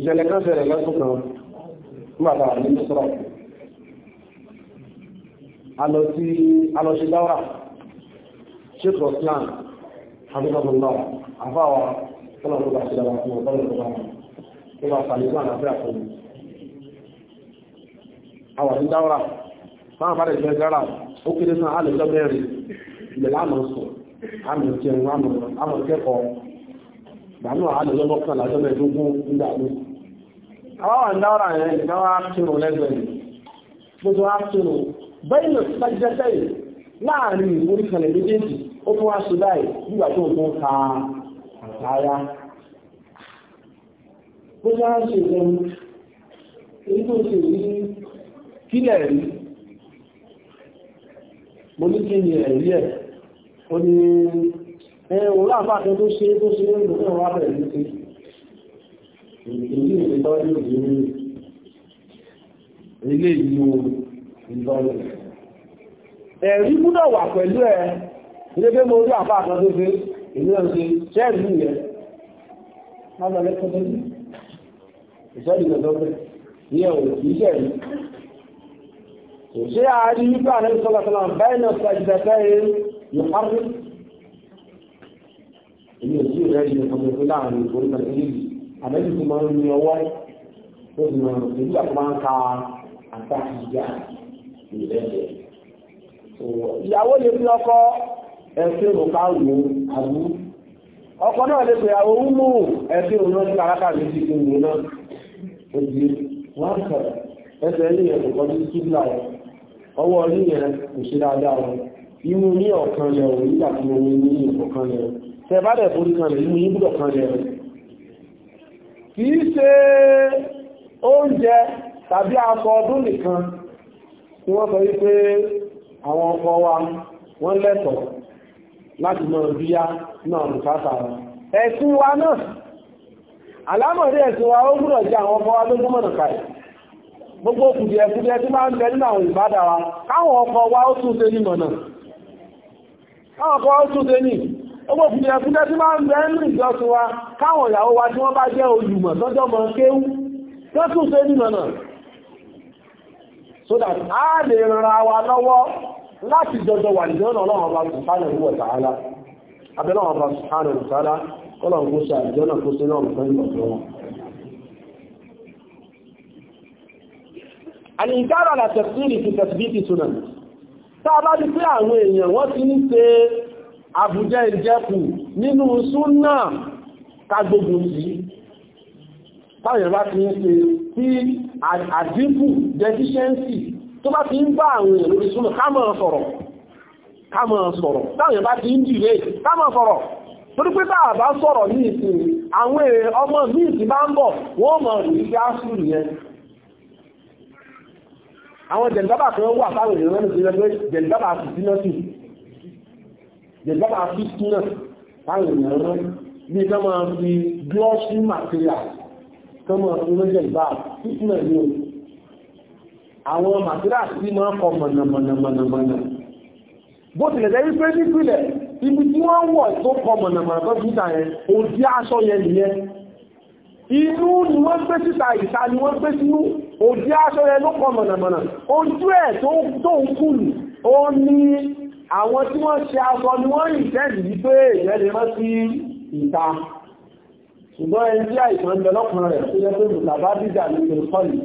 ìṣẹ̀lẹ̀ kan ṣẹlẹ̀ lọ́sùn kan nígbàtà ní sọ́rọ̀ alọ sí alọ́ṣe dáwà sheikh roslan abúgbàmùlá àfáwà tọ́lọ̀lọ́gbà ṣe dáwà àwọn ìdára yẹn ìdáwà ápùtùrù lẹ́gbẹ̀ẹ́ gbogbo ápùtùrù bẹ́yìn pẹ́jẹ́tẹ́ láàrin ìwúrí kalẹ̀ méjèèjì ó tún wá sí báyìí nígbà tó ń tún ka àtàyà gbogbo á ṣe ìlẹ́nu èyí tó ṣe ní kílẹ̀ rí mo ní kí ni ẹ̀rí ẹ̀ ó ní ẹ̀ òun láàbà tó ṣe tó ṣe ń lò fún ọ̀rọ̀ abẹ̀rẹ̀ ní èyí ìtọ́jú ìrírí ilé ìlú ìtọ́jú ẹ̀rí múnà wà pẹ̀lú ẹ ilé mo rí àpá àtọ́ tó fi ìlú ọ̀sẹ̀ ṣẹ́ẹ̀lú yẹn máa lọ tó fi ìṣẹ́lú ìtọ́jú ìyẹn ò kìí ṣẹ̀lú ṣe àárí wípé àrẹ ìṣọ́lọ́sọ́lọ́ bẹ́ẹ̀ náà sàjìdẹ̀kẹ́ yóò parí èyí ò sí ìrẹ́lì àbẹ́bí tó máa ń ní ọwọ́ tó sì máa ń rò nígbà tó máa ń ka àtàkìyà ìrẹ́lẹ̀. ìyàwó lè fi ọkọ ẹ̀sìn òkà wò àbú ọkọ náà lè pè àwọn ohun mú ẹ̀sìn òun náà sí arákà mi sí ìlú náà ó di wọn kọ ẹsẹ̀ ní ẹ̀kọ́ kan sí kíbla ọ ọwọ́ orí yẹn kò ṣe dáadáa ọ inú ní ọ̀kan lẹ̀ ò nígbà tí mo ní ìkọ̀kan lẹ̀ tẹ bá dẹ̀ forí kan lẹ̀ inú yín gbọ́dọ̀ kan lẹ̀ kìí ṣe oúnjẹ tàbí aṣọ ọdún nìkan tí wọ́n sọ wípé àwọn ọkọ wa wọ́n lẹ́tọ̀ láti mọ̀ bíyá náà bùkátà wọn ẹ̀sìn wa náà alámọ̀rí ẹ̀sìn wa ó jẹ́ àwọn ọkọ wa ló nà gbogbo tí máa ń bẹ nínú àwọn ìbádà wa káwọn wa ó tún ṣe ní mọ̀nà káwọn Owó kùdìẹ̀kùdẹ́ tí máa ń bẹ ní ìjọsìn wa káwọn ìyàwó wa tí wọ́n bá jẹ́ olùmọ̀ tọ́jọ́ mọ̀ kéwú tó tún ṣe ní mọ̀nà. So that a lè ra wa lọ́wọ́ láti jọjọ wà nìjọ́ náà lọ́wọ́ bá subhanahu wa ta'ala. Abẹ́lọ́wọ́ bá subhanahu wa ta'ala kọ́lọ̀ kó ṣe àjọ náà kó ṣe náà fẹ́ ìgbọ̀tọ̀ wọn. Àlìkára àlàtẹ̀sí ìrìkì àbújẹ́ ìjẹ́kù nínú súnnà kágbógun sí táwọn bá ti ń ṣe tí àdínkù deficiency tó bá ti ń bá àwọn èèyàn lórí súnnà kámọ̀ sọ̀rọ̀ kámọ̀ sọ̀rọ̀ táwọn bá ti ń dìre kámọ̀ sọ̀rọ̀ torí pé táà bá sọ̀rọ̀ ní ìsìn àwọn èèyàn ọmọ míì ti bá ń bọ̀ wọ́n mọ̀ rí gáásù nìyẹn àwọn jẹ̀ǹdábà kan wà táwọn èèyàn rẹ̀ dẹ̀gbára fífínà táwọn èèyàn rán bí ká máa fi glossy material tó máa fi rẹ́jẹ̀ ìbá fífínà ní o àwọn material tí máa kọ mọ̀nàmọ̀nàmọ̀nà bó tilẹ̀ jẹ́ wípé nípìnlẹ̀ ibi tí wọ́n wọ̀ tó kọ mọ̀nàmọ̀nà tó fi tàn yẹn òdí aṣọ yẹn nìyẹn inú ni wọ́n gbé síta ìta ni wọ́n gbé sínú òdí aṣọ yẹn ló kọ mọ̀nàmọ̀nà ojú ẹ̀ tó ń kùlù ó ní àwọn tí wọ́n ṣe aṣọ ni wọ́n rìn tẹ́lì wípé èèyàn lè rán sí ìta ṣùgbọ́n ẹni tí àìsàn ń bẹ lọ́kàn rẹ̀ tó jẹ́ pé mùtàbá bíjà ní ìrìnkọ́lì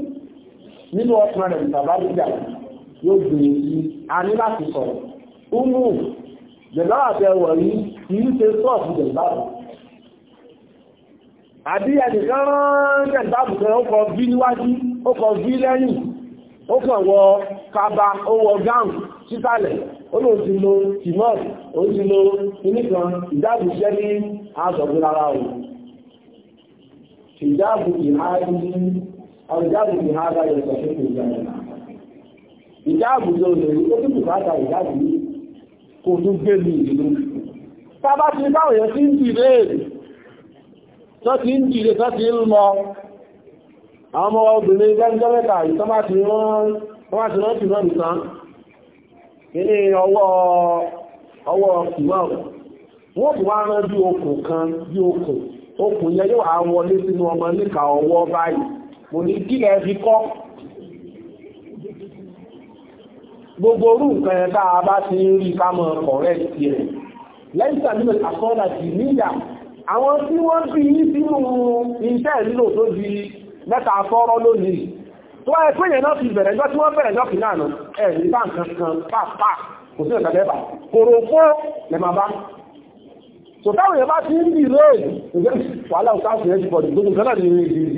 nínú ọkàn rẹ̀ mùtàbá bíjà yóò gbèrè e sí a ní láti sọ̀rọ̀ umu jẹ̀lá àbẹ̀wọ̀ yìí kì í ṣe sọ́ọ̀fù jẹ̀lá àbí ẹnìkan rán jẹ̀lá àbùkẹ́ ó kọ bí níwájú ó kọ bí lẹ́yìn ó kàn wọ kaba ó wọ gáùn sísàlẹ̀ olóòtú lo timor òtú lo nìkan ìdáàbò iṣẹ́ ní aṣọ̀gbìn rárá o ìdáàbò ìhádìí ọ̀rọ̀dáàbò ìhádà yóò sọ fún ìjọba ìdáàbò tó lè rí ó dìbò bá ta ìdáàbò yìí kò tún gbé mi ìlú tábà ti báwọn èèyàn ti ń dìde tó ti ń dìde tó ti ń lọ àwọn ọmọ obìnrin gbẹ́ńdọ́mẹ́ta ilé ọwọ́ ọwọ́ ṣùgbọ́n wọ́n bù wá rán bí okùn kan bí okùn okùn yẹn yóò wá wọlé sínú ọmọ níka ọwọ́ báyìí mo ní kí gbogbo orú nǹkan ẹ̀ bá ti ń rí ká mọ̀ kọ̀rẹ́ lẹ́yìn tàbí níyà àwọn tí wọ́n sínú tó wáyé pé yẹn náà fi bẹ̀rẹ̀ ẹjọ́ tí wọ́n bẹ̀rẹ̀ ẹjọ́ kì náà nù ẹ̀ ní bá nǹkan kan pàápàá kò sí ìkàlẹ́ ẹ̀bà kòrò fún lẹ́mà bá so táwọn èèyàn bá ti ń bì rẹ̀ wàhálà òsáàfù yẹn ti pọ̀ gbogbo gánà ní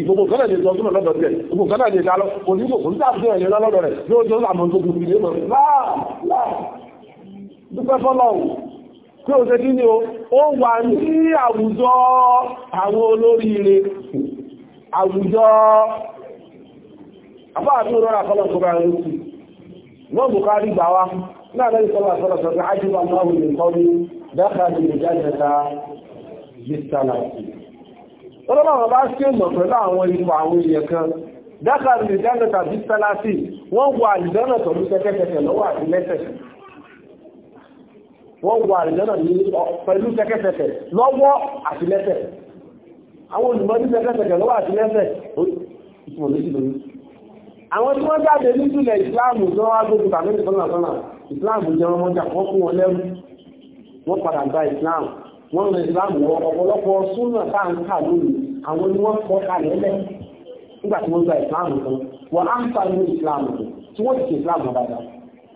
ìgbogbo gánà ní ìjọsúnà lọ́dọ̀ rẹ̀ gbogbo gánà ní ìdálọ́ kò ní kò ní sáàfù yẹn lọ́dọ̀ rẹ̀ yóò jọ àmọ́ gbogbo ìdílé mọ̀ láà láà dúpẹ́ fọ́lọ́hùn tí ó ṣe kí ni ó wà ní àwùjọ àwọn olóríire àwùjọ àfáàtú rọra kọ́lọ̀ tó bá rẹ̀ wọ́n bù kárí gbà wá náà lẹ́yìn sọ́lá sọ́lá sọ́lá kọ́ ní dákàá ìjájẹta yìtàlá wọ́n wà tọ̀lú lọ́wọ́ àti wọ́n wà pẹ̀lú lọ́wọ́ àti àwọn lọ́wọ́ àti àwọn tí wọ́n jáde nídìlẹ̀ ìsìláàmù lọ́wọ́ wá gbogbo tàbí ìsọ́nà sọ́nà ìsìláàmù jẹ́ wọn mọ́jà wọ́n fún wọn lẹ́rú wọ́n padà gba ìsìláàmù wọ́n rìn ìsìláàmù wọ ọ̀pọ̀lọpọ̀ súnà táǹkà lónìí àwọn ni wọ́n kọ́ kalẹ̀ lẹ́ nígbà tí wọ́n gba ìsìláàmù kan wọ́n á ń fa ní ìsìláàmù kan tí wọ́n ti ṣe ìsìláàmù dáadáa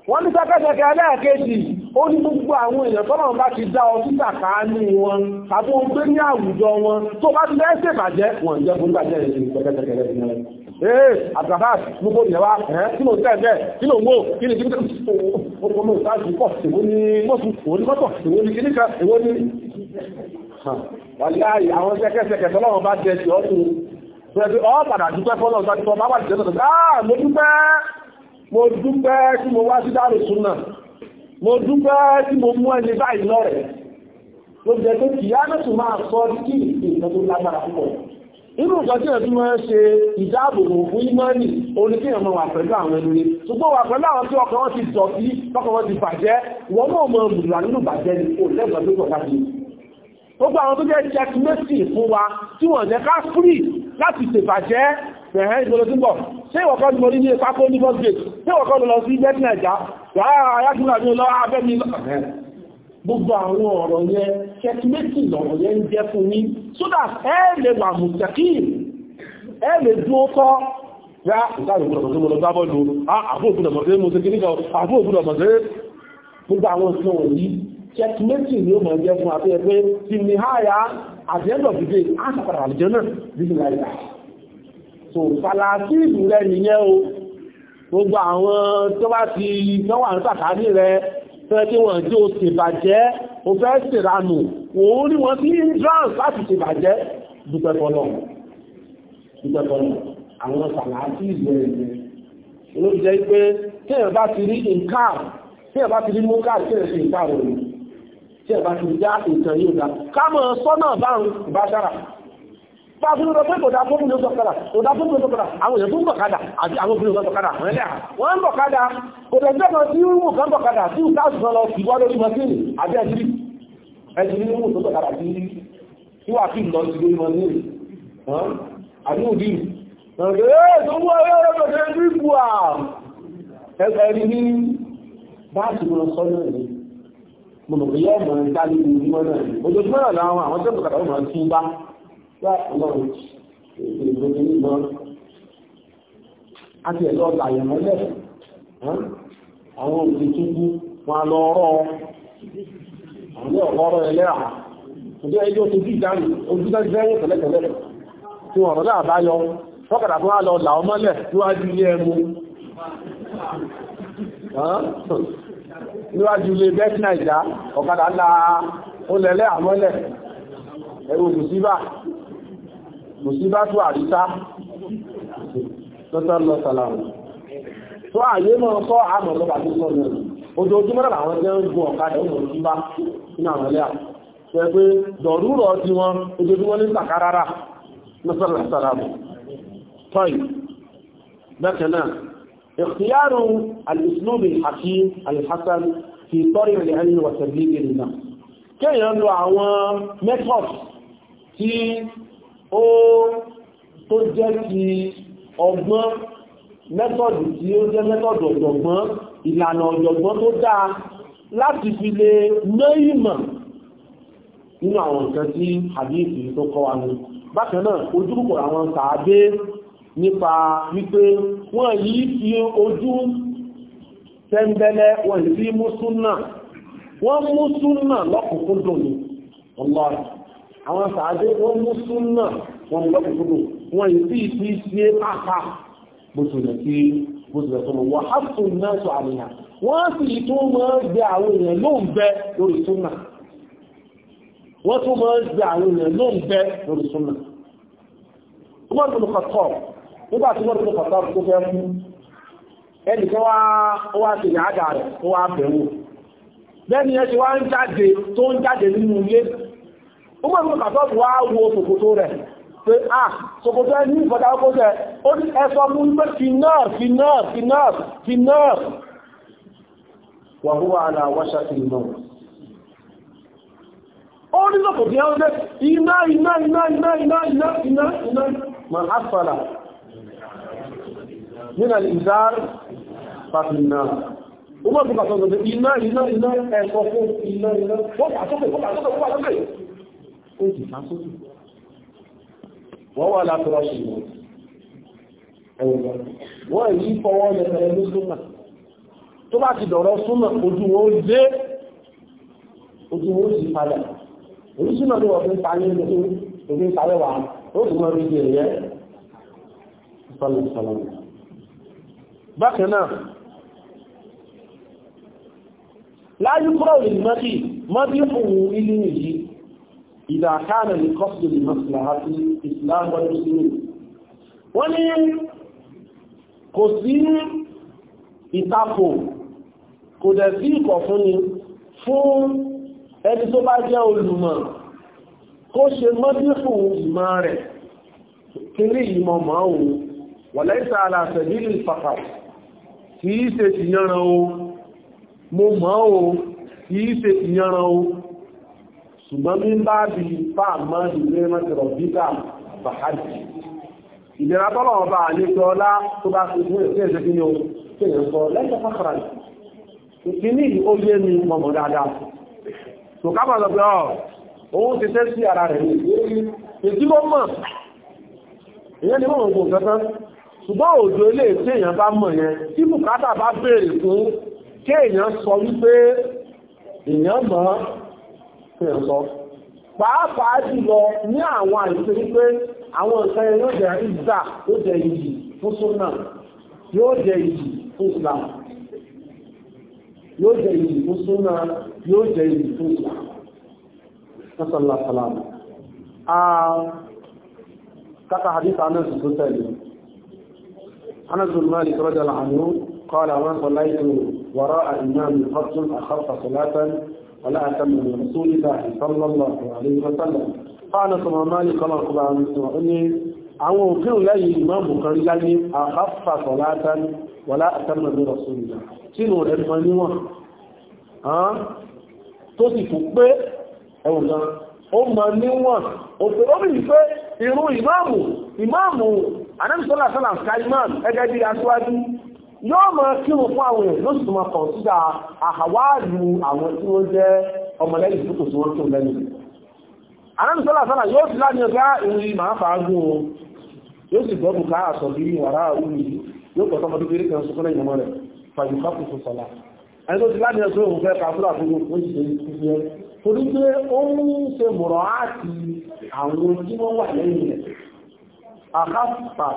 wọ́n ní sákẹ́sẹ̀kẹ́ aláàkéjì ó ní gbogbo àwọn èèyàn tọ́lọ̀ bá ti dá ọtí sàkáání wọn tàbí ó gbé ní àwùjọ wọn tó bá ti lẹ́sẹ̀ bàjẹ́ wọn jẹ́ fún gbàjẹ́ ìrìn sákẹ́sẹ̀kẹ́ rẹ̀ ee abdulrahman mo kò yẹwa ẹ tí mo tẹ̀ bẹ́ẹ̀ tí mo wò kí ni kíkọ́ ọkọ̀ mi ò sáà sí pọ̀ èwo ni mọ́tò èwo ni mọ́tò èwo ni kíníkà èwo ni. wọ́n yá àwọn sẹ́kẹ́sẹkẹ̀ tọ́lọ́wọ́n bá jẹ ti ọ́tún pẹ̀lú ọ́ dúpẹ́ fọ́lọ́ inú nǹkan tí ẹ̀bí máa ń ṣe ìdáàbòbò fún ìmọ́ni oníkíyàn máa wà pẹ̀lú àwọn ẹnu rẹ̀ ṣùgbọ́n wà pẹ̀lú àwọn tí ọkàn wọn ti dọ̀tí lọ́kàn wọn ti bàjẹ́ wọ́n náà mọ bùrùwà nínú bàjẹ́ ní kò lẹ́gbọ̀n tó kọ̀ọ̀ká sí gbogbo àwọn tó jẹ́ checkmate fún wa tí wọ́n jẹ́ ká free láti ṣèbàjẹ́ ẹ̀hẹ́ ìgbòrò tí ń bọ̀ ṣé ìwọ̀kọ́ ni mo rí ní pápó ní bọ́sgate ṣé ìwọ̀kọ́ lọ sí bẹ́ẹ̀ nàìjà wàá ayájúmọ̀ àbí ọlọ́wọ́ abẹ́mi lọ́kàn gbogbo àwọn ọ̀rọ̀ yẹn kẹtìmẹ́tì lọ̀rọ̀ yẹn ń jẹ́ fún yín so that ẹ lè wà mùtẹ̀kìm ẹ lè dúó kọ́ yá ìtàrí òkúrọ̀mọ̀ tó mọ́ lọ gbá bọ́ọ̀lù àbúrò òkúrọ̀mọ̀ tó mọ́ sí kíníkà àbúrò òkúrọ̀mọ̀ tó gbogbo àwọn ìṣẹ́ wọ̀nyí checkmate ni ó mọ̀ jẹ́ fún àti ẹgbẹ́ tí ní háyà at the end of the day á sàpàdà àlùjẹ́ náà bíbí láìka so fàlàsíìbù rẹ nìyẹn o gbogbo àwọn tó bá ti tọ́wà ń sàkárí rẹ fẹ́ kí wọ́n tí ó ṣèbàjẹ́ o fẹ́ ṣèrànù òun rí wọn sí entrance láti ṣèbàjẹ́ dúpẹ́ fọlọ́ dúpẹ́ fọlọ́ àwọn sàlàáfí ìlú ẹ̀rẹ́ ló jẹ́ pé tí ẹ̀ bá ti rí nǹkan tí ẹ̀ bá ti rí múkà tí ẹ̀ ṣe nǹkan rẹ̀ tí ẹ̀ bá ti já ìtàn yóò dá ká mọ̀ sọ́nà bá ń bá dára bá fún ọjọ́ pé kò dá fún ìlú ọ̀kadà kò dá fún ìlú ọ̀kadà àwọn èèyàn tó ń bọ̀kadà àti àwọn obìnrin ọ̀kadà àwọn ẹlẹ́à wọ́n ń bọ̀kadà kò lè gbẹ́gbẹ́ tí ó wù kán bọ̀kadà tí ó káàsì kan lọ sí wọ́n lórí mọ́sílì àbí ẹ̀jìrí ẹ̀jìrí ní wù tó bọ̀kadà sí tí wà fi lọ sí lórí mọ́sílì àbí òbí ẹ̀ẹ́dì ní báàsì mọ́ sọ́nà ń dá lórí mọ́nà ní ojoojúmọ́ láwọn àwọn tẹ́bùkàtà ó mọ̀ ń tún bá láti lọ èdè ìgbòdì nígbà àti ẹ̀lọ́ làyẹ̀mọ́lẹ̀ àwọn lọ ọrọ àwọn ọ̀rọ̀ ẹlẹ́ra ọjọ́ ẹjọ́ tó bí ìdáni ojúdájú ẹ̀yìn tẹ̀lẹ̀tẹ̀lẹ̀ tí wọ́n rọ̀lá àbáyọ fọ́kàtà tó wá lọ làọ níwájú ilé ẹmu níwájú ilé bẹ́ẹ̀ mùsíbátù àríṣá lọ́tọ́lọ́ sàlàmù tó àyé mọ́ sọ́ àmọ̀ lọ́pàá tó sọ mẹ́rin ojoojúmọ́ náà àwọn jẹ́ gun ọ̀kadà ìwọ̀n òṣìbá nínú àwọn ilé à ṣe pé dọ̀rúrọ̀ ti wọn ojoojúmọ́ ní sàkárárà lọ́tọ́lọ́ sàlàmù الحكيم الحسن في طريق العلم وتبليغ الناس kéèyàn lo àwọn ó tó jẹ́ ti ọgbọ́n mẹ́tọ̀dù tí ó jẹ́ mẹ́tọ̀dù ọ̀jọ̀gbọ́n ìlànà ọ̀jọ̀gbọ́n tó dáa láti fi lè ná ìmọ̀ nínú àwọn nǹkan tí àdíyèsí tó kọ́ wa ní bákan náà ojúkòkò àwọn tàbí nípa wípé wọ́n yìí fi ojú tẹ́ńbẹ́lẹ́ wọ́n yìí mú súnà wọ́n mú súnà lọ́kùnkúndùn ni ọlọ́run àwọn sàájú wọ́n mú súnà wọn lọ́kùnkúrò wọn yìí sí ìpí sí pápá bóṣùlẹ̀ sí bóṣùlẹ̀ tó mọ̀ wọ́n á tún náà sọ àníyàn wọ́n sì tó máa ń gbé àwọn èèyàn ló ń bẹ lórí súnà wọ́n tó máa ń gbé àwọn èèyàn ló ń bẹ lórí súnà wọ́n tó lọ́kọ̀ tọ̀ nígbà tí wọ́n tó lọ́kọ̀ tọ̀ tó fẹ́ fún ẹnì kan wá wá sí ìyá àdá rẹ̀ ṣe wá ń jáde tó ń jáde nínú ilé Umar ibn Khattab wá wo ṣòkòtò rẹ̀ pé à ah, ṣòkòtò ẹni ìfọ̀dá ọkọ̀ṣẹ́ ó ní ẹsọ mú pé finar finar finar finar wa huwa ala washatil maut ó ní ṣòkòtò yẹn wọ́n iná iná iná iná iná iná iná iná man asfala min al-izar fàfinà ó mọ̀ sí pàtàkì iná iná iná ẹ̀kọ́ fún iná iná wọ́n pàtàkì wọ́n pàtàkì wọ́n pàtàkì ó jù sákòtò wọ́n wà látọ̀rọ̀ ṣùgbọ́n ẹ̀wọ̀n wọ́n yí fọwọ́ lẹ́tẹ̀rẹ̀ ló súnmà tó bá ti dọ̀rọ̀ súnmà ojú wọn ó dé ojú wọn ó sì padà èyí súnmà ló wọ́n fi ń ta ní ẹni tó fi ń ta lẹ́wà ó sì mọ́ ibi ẹ̀yẹ sọlọ̀sọlọ̀ bákan náà láyé kúrò lè mọ́bí mọ́bí fún ilé yìí إذا كان القصد لمصلحة الإسلام والمسلمين wọ́n ní kò sí ìtakò kò dẹ̀ sí ìkọ̀ fún ni fún ẹni tó bá jẹ́ olùmọ̀ kó ṣe mọ́dífù ìmọ̀ rẹ̀ kiri ìmọ̀ máa òun wà lẹ́ta aláṣẹ̀dílì pàpà tí í ṣe ìyànran o mo máa o tí í ṣe ìyànran o ṣùgbọ́n bí bá bí fáàmọ́ ìlú mẹ́tẹ̀rọ̀ bíkà bàhájì ìdẹ̀ra tọ́lọ̀ ọba àlejò ọlá tó bá fi fún èsì èsì kí ni ó kéèyàn sọ lẹ́jọ́ fáfàrà ìkíní ó yé mi mọ̀mọ̀ dáadáa tó ká mọ̀ lọ́pẹ́ ìyẹn ni mọ̀ nǹkan kankan ṣùgbọ́n òjò sọ pàápàá jùlọ ní àwọn àìsí wípé àwọn nǹkan yẹn yóò jẹ ìzà yóò jẹ ìyì fún súnà yóò jẹ ìyì fún Islam yóò jẹ ìyì fún súnà yóò jẹ ìyì fún Islam nasalla salam a kaka hadith anas tó tẹ̀lé anas ولا أتم من رسول الله صلى الله عليه وسلم قال صلى الله عليه وسلم àwọn òfin lẹ́yìn ìmáàmù kan rí láyé àkáfà sọ̀látà wọlá àtàmà ní rọ̀sùnìyà tí nù rẹ̀ mọ́ níwọ̀n tó sì fún pé ẹwọ̀n gan ó mọ́ níwọ̀n òfin ó rí pé irú ìmáàmù ìmáàmù anẹ́sọ́lá sọ́lá sky man ẹgẹ́ bí aṣíwájú yóò máa kírun fún àwọn èèyàn lóṣù tó máa kàn síta àhàwáàlù àwọn tí wọ́n jẹ́ ọmọlẹ́yìn tó kò sí wọ́n tó lẹ́nu àrẹ́mì sọ́là sọ́là yóò sì láti ọgá ìrìn máa fà á gún o yóò sì gbọ́ bùkà àṣọ bí wàrà òní yóò pọ̀ sọmọdé bí erékan sọ fúnlẹ̀ ìyàmọ́ rẹ̀ fàyè fàkù fún sọ́là ẹni tó ti láti ọjọ́ òun fẹ́ ka fúlà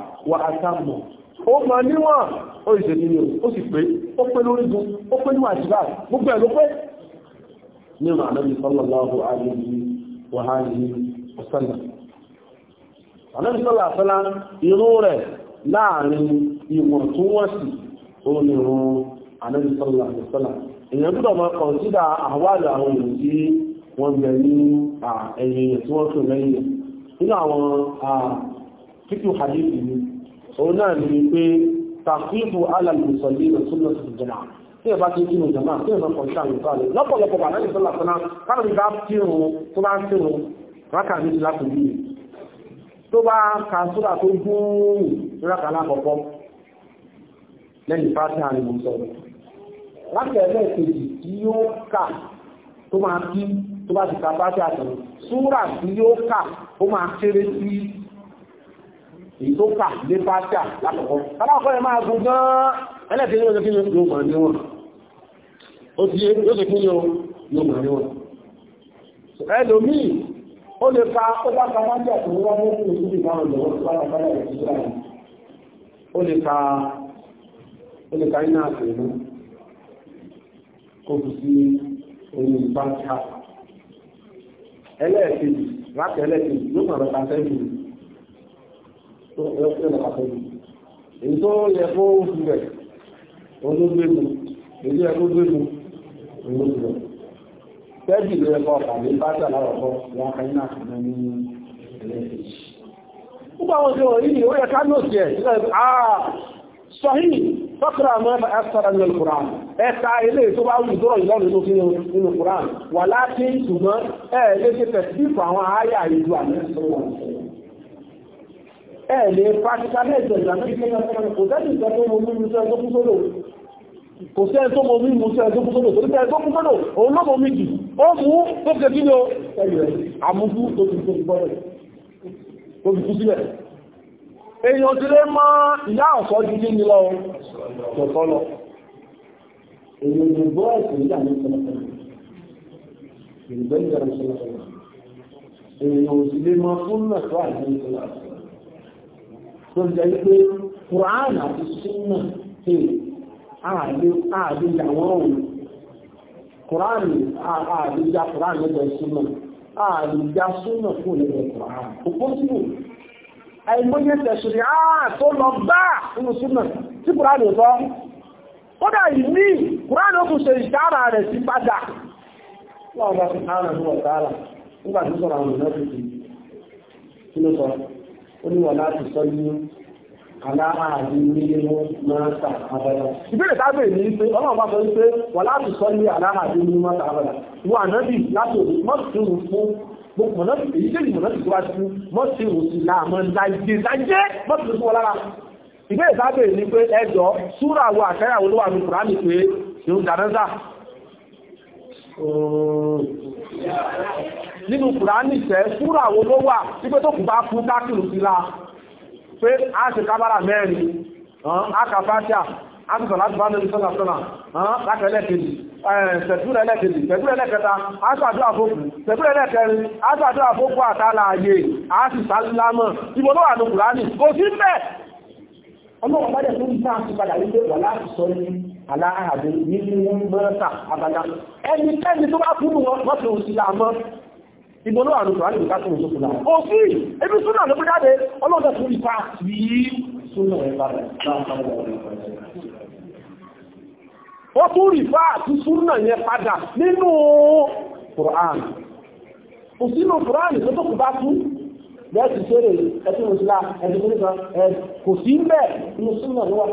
fún ìṣẹ́ ó ma níwọ̀n ó ìṣẹ́ nínú ó sì pé ó pé lórí gun ó pé níwọ̀n àti báyìí gbogbo ẹ̀ ló pé ní ọ̀nà ànábì sallallahu alaihi wa alihi wa sallam ànábì sallallahu rẹ̀ láàrin ìwọ̀ntúnwọ̀nsì ó ní irun òun náà ni pé tàkìfù alàlùsọ̀lì ìrọ̀sùn lọ́sùn jẹ̀nà tí ẹ bá ti kí ní ìjọba tí ẹ bá kọjá àwọn ìgbà rẹ̀ lọ́pọ̀lọpọ̀ wà láti sọ́lá sọ́lá káàdì bá tí òun tó bá tí òun rákà méjì láti bí tó bá ka sódà tó gún rákà lákọ̀ọ́kọ́ lẹ́yìn bá tí a ní mo sọ̀rọ̀ láti ẹlẹ́ẹ̀kejì tí yóò kà tó máa kí tó bá ti ka bá tí a sọ̀rọ̀ súrà tí yóò kà ó máa kéré sí èyí tó kà lé pàṣà látọ̀kọ́ alákọ̀ọ́ ẹ máa gùn gan-an ẹlẹ́tẹ̀ ní ọjọ́ kí ni ó mọ̀ ní wọn ó ti yóò ṣe kí ni ó mọ̀ ní wọn ẹlòmíì ó lè pa ó bá ka máa ń jà tó wọ́n mú kí ní ìbáwọn lọ́wọ́ pátápátá rẹ̀ sí láti ẹlẹ́ẹ̀kejì ló mọ̀ lọ́ta sẹ́yìn tó yẹ pé wà fẹ́mi èyí tó yẹ kó fi rẹ̀ olóògbénu èyí yẹ kó gbénu olóògbé tẹ́bì ló yẹ kó ọ̀pàdé pátá lárọ̀kọ́ wọn kan náà fún mi ní ẹlẹ́kẹ̀ẹ́jì púpọ̀ àwọn òṣèwọ̀n yìí ni ó yẹ ká lóòsì ẹ̀ sọ́hìn fọ́kùnrà mọ́ ẹ́fẹ́ra ní ọlùkùnrán ẹ̀ta ilé tó bá wùí dọ́rọ̀ ìlọ́rùn ló fi nínú kùnrán wà láti ṣùgbọ́n ẹ̀ẹ́lẹ́sẹ̀ tẹ̀sí fún àwọn àáyà ìlú àmì ìṣòwò ẹ̀ lè practicalize ìlànà ìgbẹ́gbẹ́ ọmọ kò tẹ́lì ìgbẹ́ tó mọ mímú sí ẹjọ́ kúsọ́lò kò sí ẹjọ́ mọ mímú sí ẹjọ́ kúsọ́lò torí pé ẹjọ́ kúsọ́lò òun ló mọ méjì ó mú tó kẹ́ kí ni ó àmúkú tó ti tó gbọ́rẹ̀ tó fi kú sílẹ̀ èèyàn ti lé mọ́ ìyá ọ̀sọ́ ju kí ni lọ tọ̀tọ́ lọ èèyàn ìgbọ́ ẹ̀sìn ìyá ní sọ́lọ́sọ́lọ́ èèyàn ò sì lé mọ́ fún náà tó àìsàn ìsọ́lọ́sọ́lọ́ tó jẹ́ wípé Quran àti Sunna ṣe ààbí ìyàwó òun Quran ààbí ìyá Quran lẹ́gbẹ̀ẹ́ Sunna ààbí ìyá Sunna fún lẹ́gbẹ̀ẹ́ Quran òpó sínú àìmọye tẹ̀sùrì àà tó lọ bá nínú Sunna tí Quran ò sọ kódà ìní Quran ó kù ṣe ìṣàrà rẹ̀ sí padà wọ́n bá fi hánà ní ọ̀tàrà nígbà tí sọ̀rọ̀ àwọn ìrìnà tuntun kí ló sọ oníwà láti sọ ní aláàbí mímú máa ta abẹ́lá. ìbéèrè tábìlì ní pé ọlọ́run bá sọ wípé wà láti sọ ní aláàbí mímú máa ta abẹ́lá. wọ ànábì láti òní mọ́sùlùmù fún gbogbo mọ̀nàbì èyí tẹ́lì mọ̀nàbì tó wá sí mọ́sùlùmù sí láàmọ́ láìjẹ́ láìjẹ́ mọ́sùlùmù fún wọn lára. ìbéèrè tábìlì ní pé ẹjọ́ súrà wọ àkẹ́yàwó ló wà ní kùránì pé yóò dáná nínú kùránì tẹ́ súrà wo ló wà wípé tó kù bá fún kákìlù sí la pé a ṣe kábàrà mẹ́rin akàfáṣà àtìsọ̀ láti bá lórí sọ́nà sọ́nà lákẹ̀ẹ́lẹ́kejì ṣẹ̀túrẹ́lẹ́kejì ṣẹ̀túrẹ́lẹ́kẹta aṣàdúrà fókù ṣẹ̀túrẹ́lẹ́kẹrin aṣàdúrà fókù àtàlà ayé àṣìṣà lámọ̀ ìbọ̀lọ́wà ní kùránì kò sí mẹ́ ọlọ́wọ́ bá jẹ́ tó ń bá ti padà ìgbóná àrùn tó àrùn ìkásùn ìṣòkùnlá ó sí ebi súnà ló gbéjáde ọlọ́dọ̀ tó ipa sí súnà ìbára wọ́n tún rí fà àti súnà yẹn padà nínú Qur'an kò sínú Qur'an tó tó kù bá tú bẹ́ẹ̀ sì ṣeré ẹtí mùsùlá ẹtí mùsùlá kò sí bẹ́ẹ̀ nínú súnà lọ́wọ́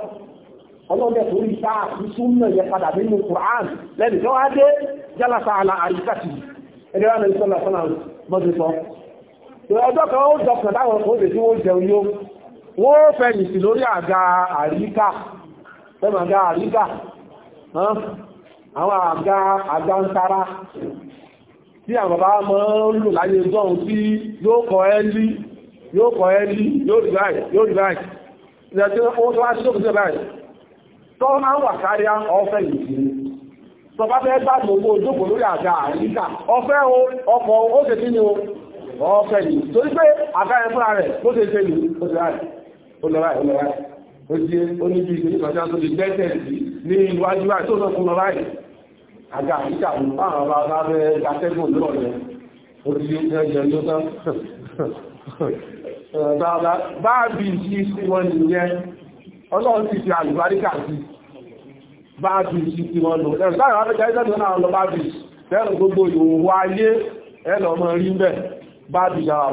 ọlọ́dẹ̀ tó rí fà àti súnà yẹn padà nínú Qur'an lẹ́nìkan wá dé jálásà àlà àríkàtì ẹgbẹ́ wọn lè sọ́nà sọ́nà mọ́sí sọ ọjọ́ kan ó dọ̀kàn táwọn oúnjẹ tí wọ́n jẹun yóò wọ́n fẹ́ yìí sí lórí àga àríkà fẹ́mà àga àríkà àwọn àga àga ń sára tí àwọn bàbá mọ́ ń lò láyé jọun tí yóò kọ ẹ́lí yóò kọ ẹ́lí yóò rí báyìí yóò rí báyìí tọba fẹ́ bá gbogbo òjòkó lórí àga àríkà ọfẹ́ ọkọ̀ ó ṣe kíni ọfẹ́ ni torí ní ó ṣe ráì ó ó lọ ráì ní bí bá àwọn bá fẹ́ gàtẹ́gùn lọ́rẹ̀ ó ọlọ́run ti fi àlùbáríkà sí i báàbìs ti wọ́n lò láàrín afẹ́jà ìsẹ́jọ́ náà lọ báàbìs tẹ́rù gbogbo ìwò ayé ẹ̀lọ mọ́ rí bẹ̀ báàbìs àwọn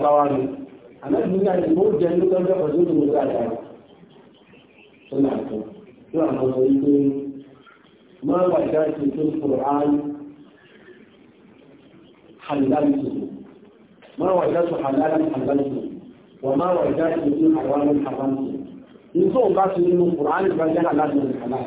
àbáwá ni ما وجدت حلالا حللته وما وجدت من حرام حرمته إن كنت بس من القرآن فجعل لازم الحلال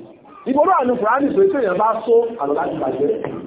ìbọ̀lọ́ àlùkùránì pé tí èèyàn bá só àlọ́ láti bàjẹ́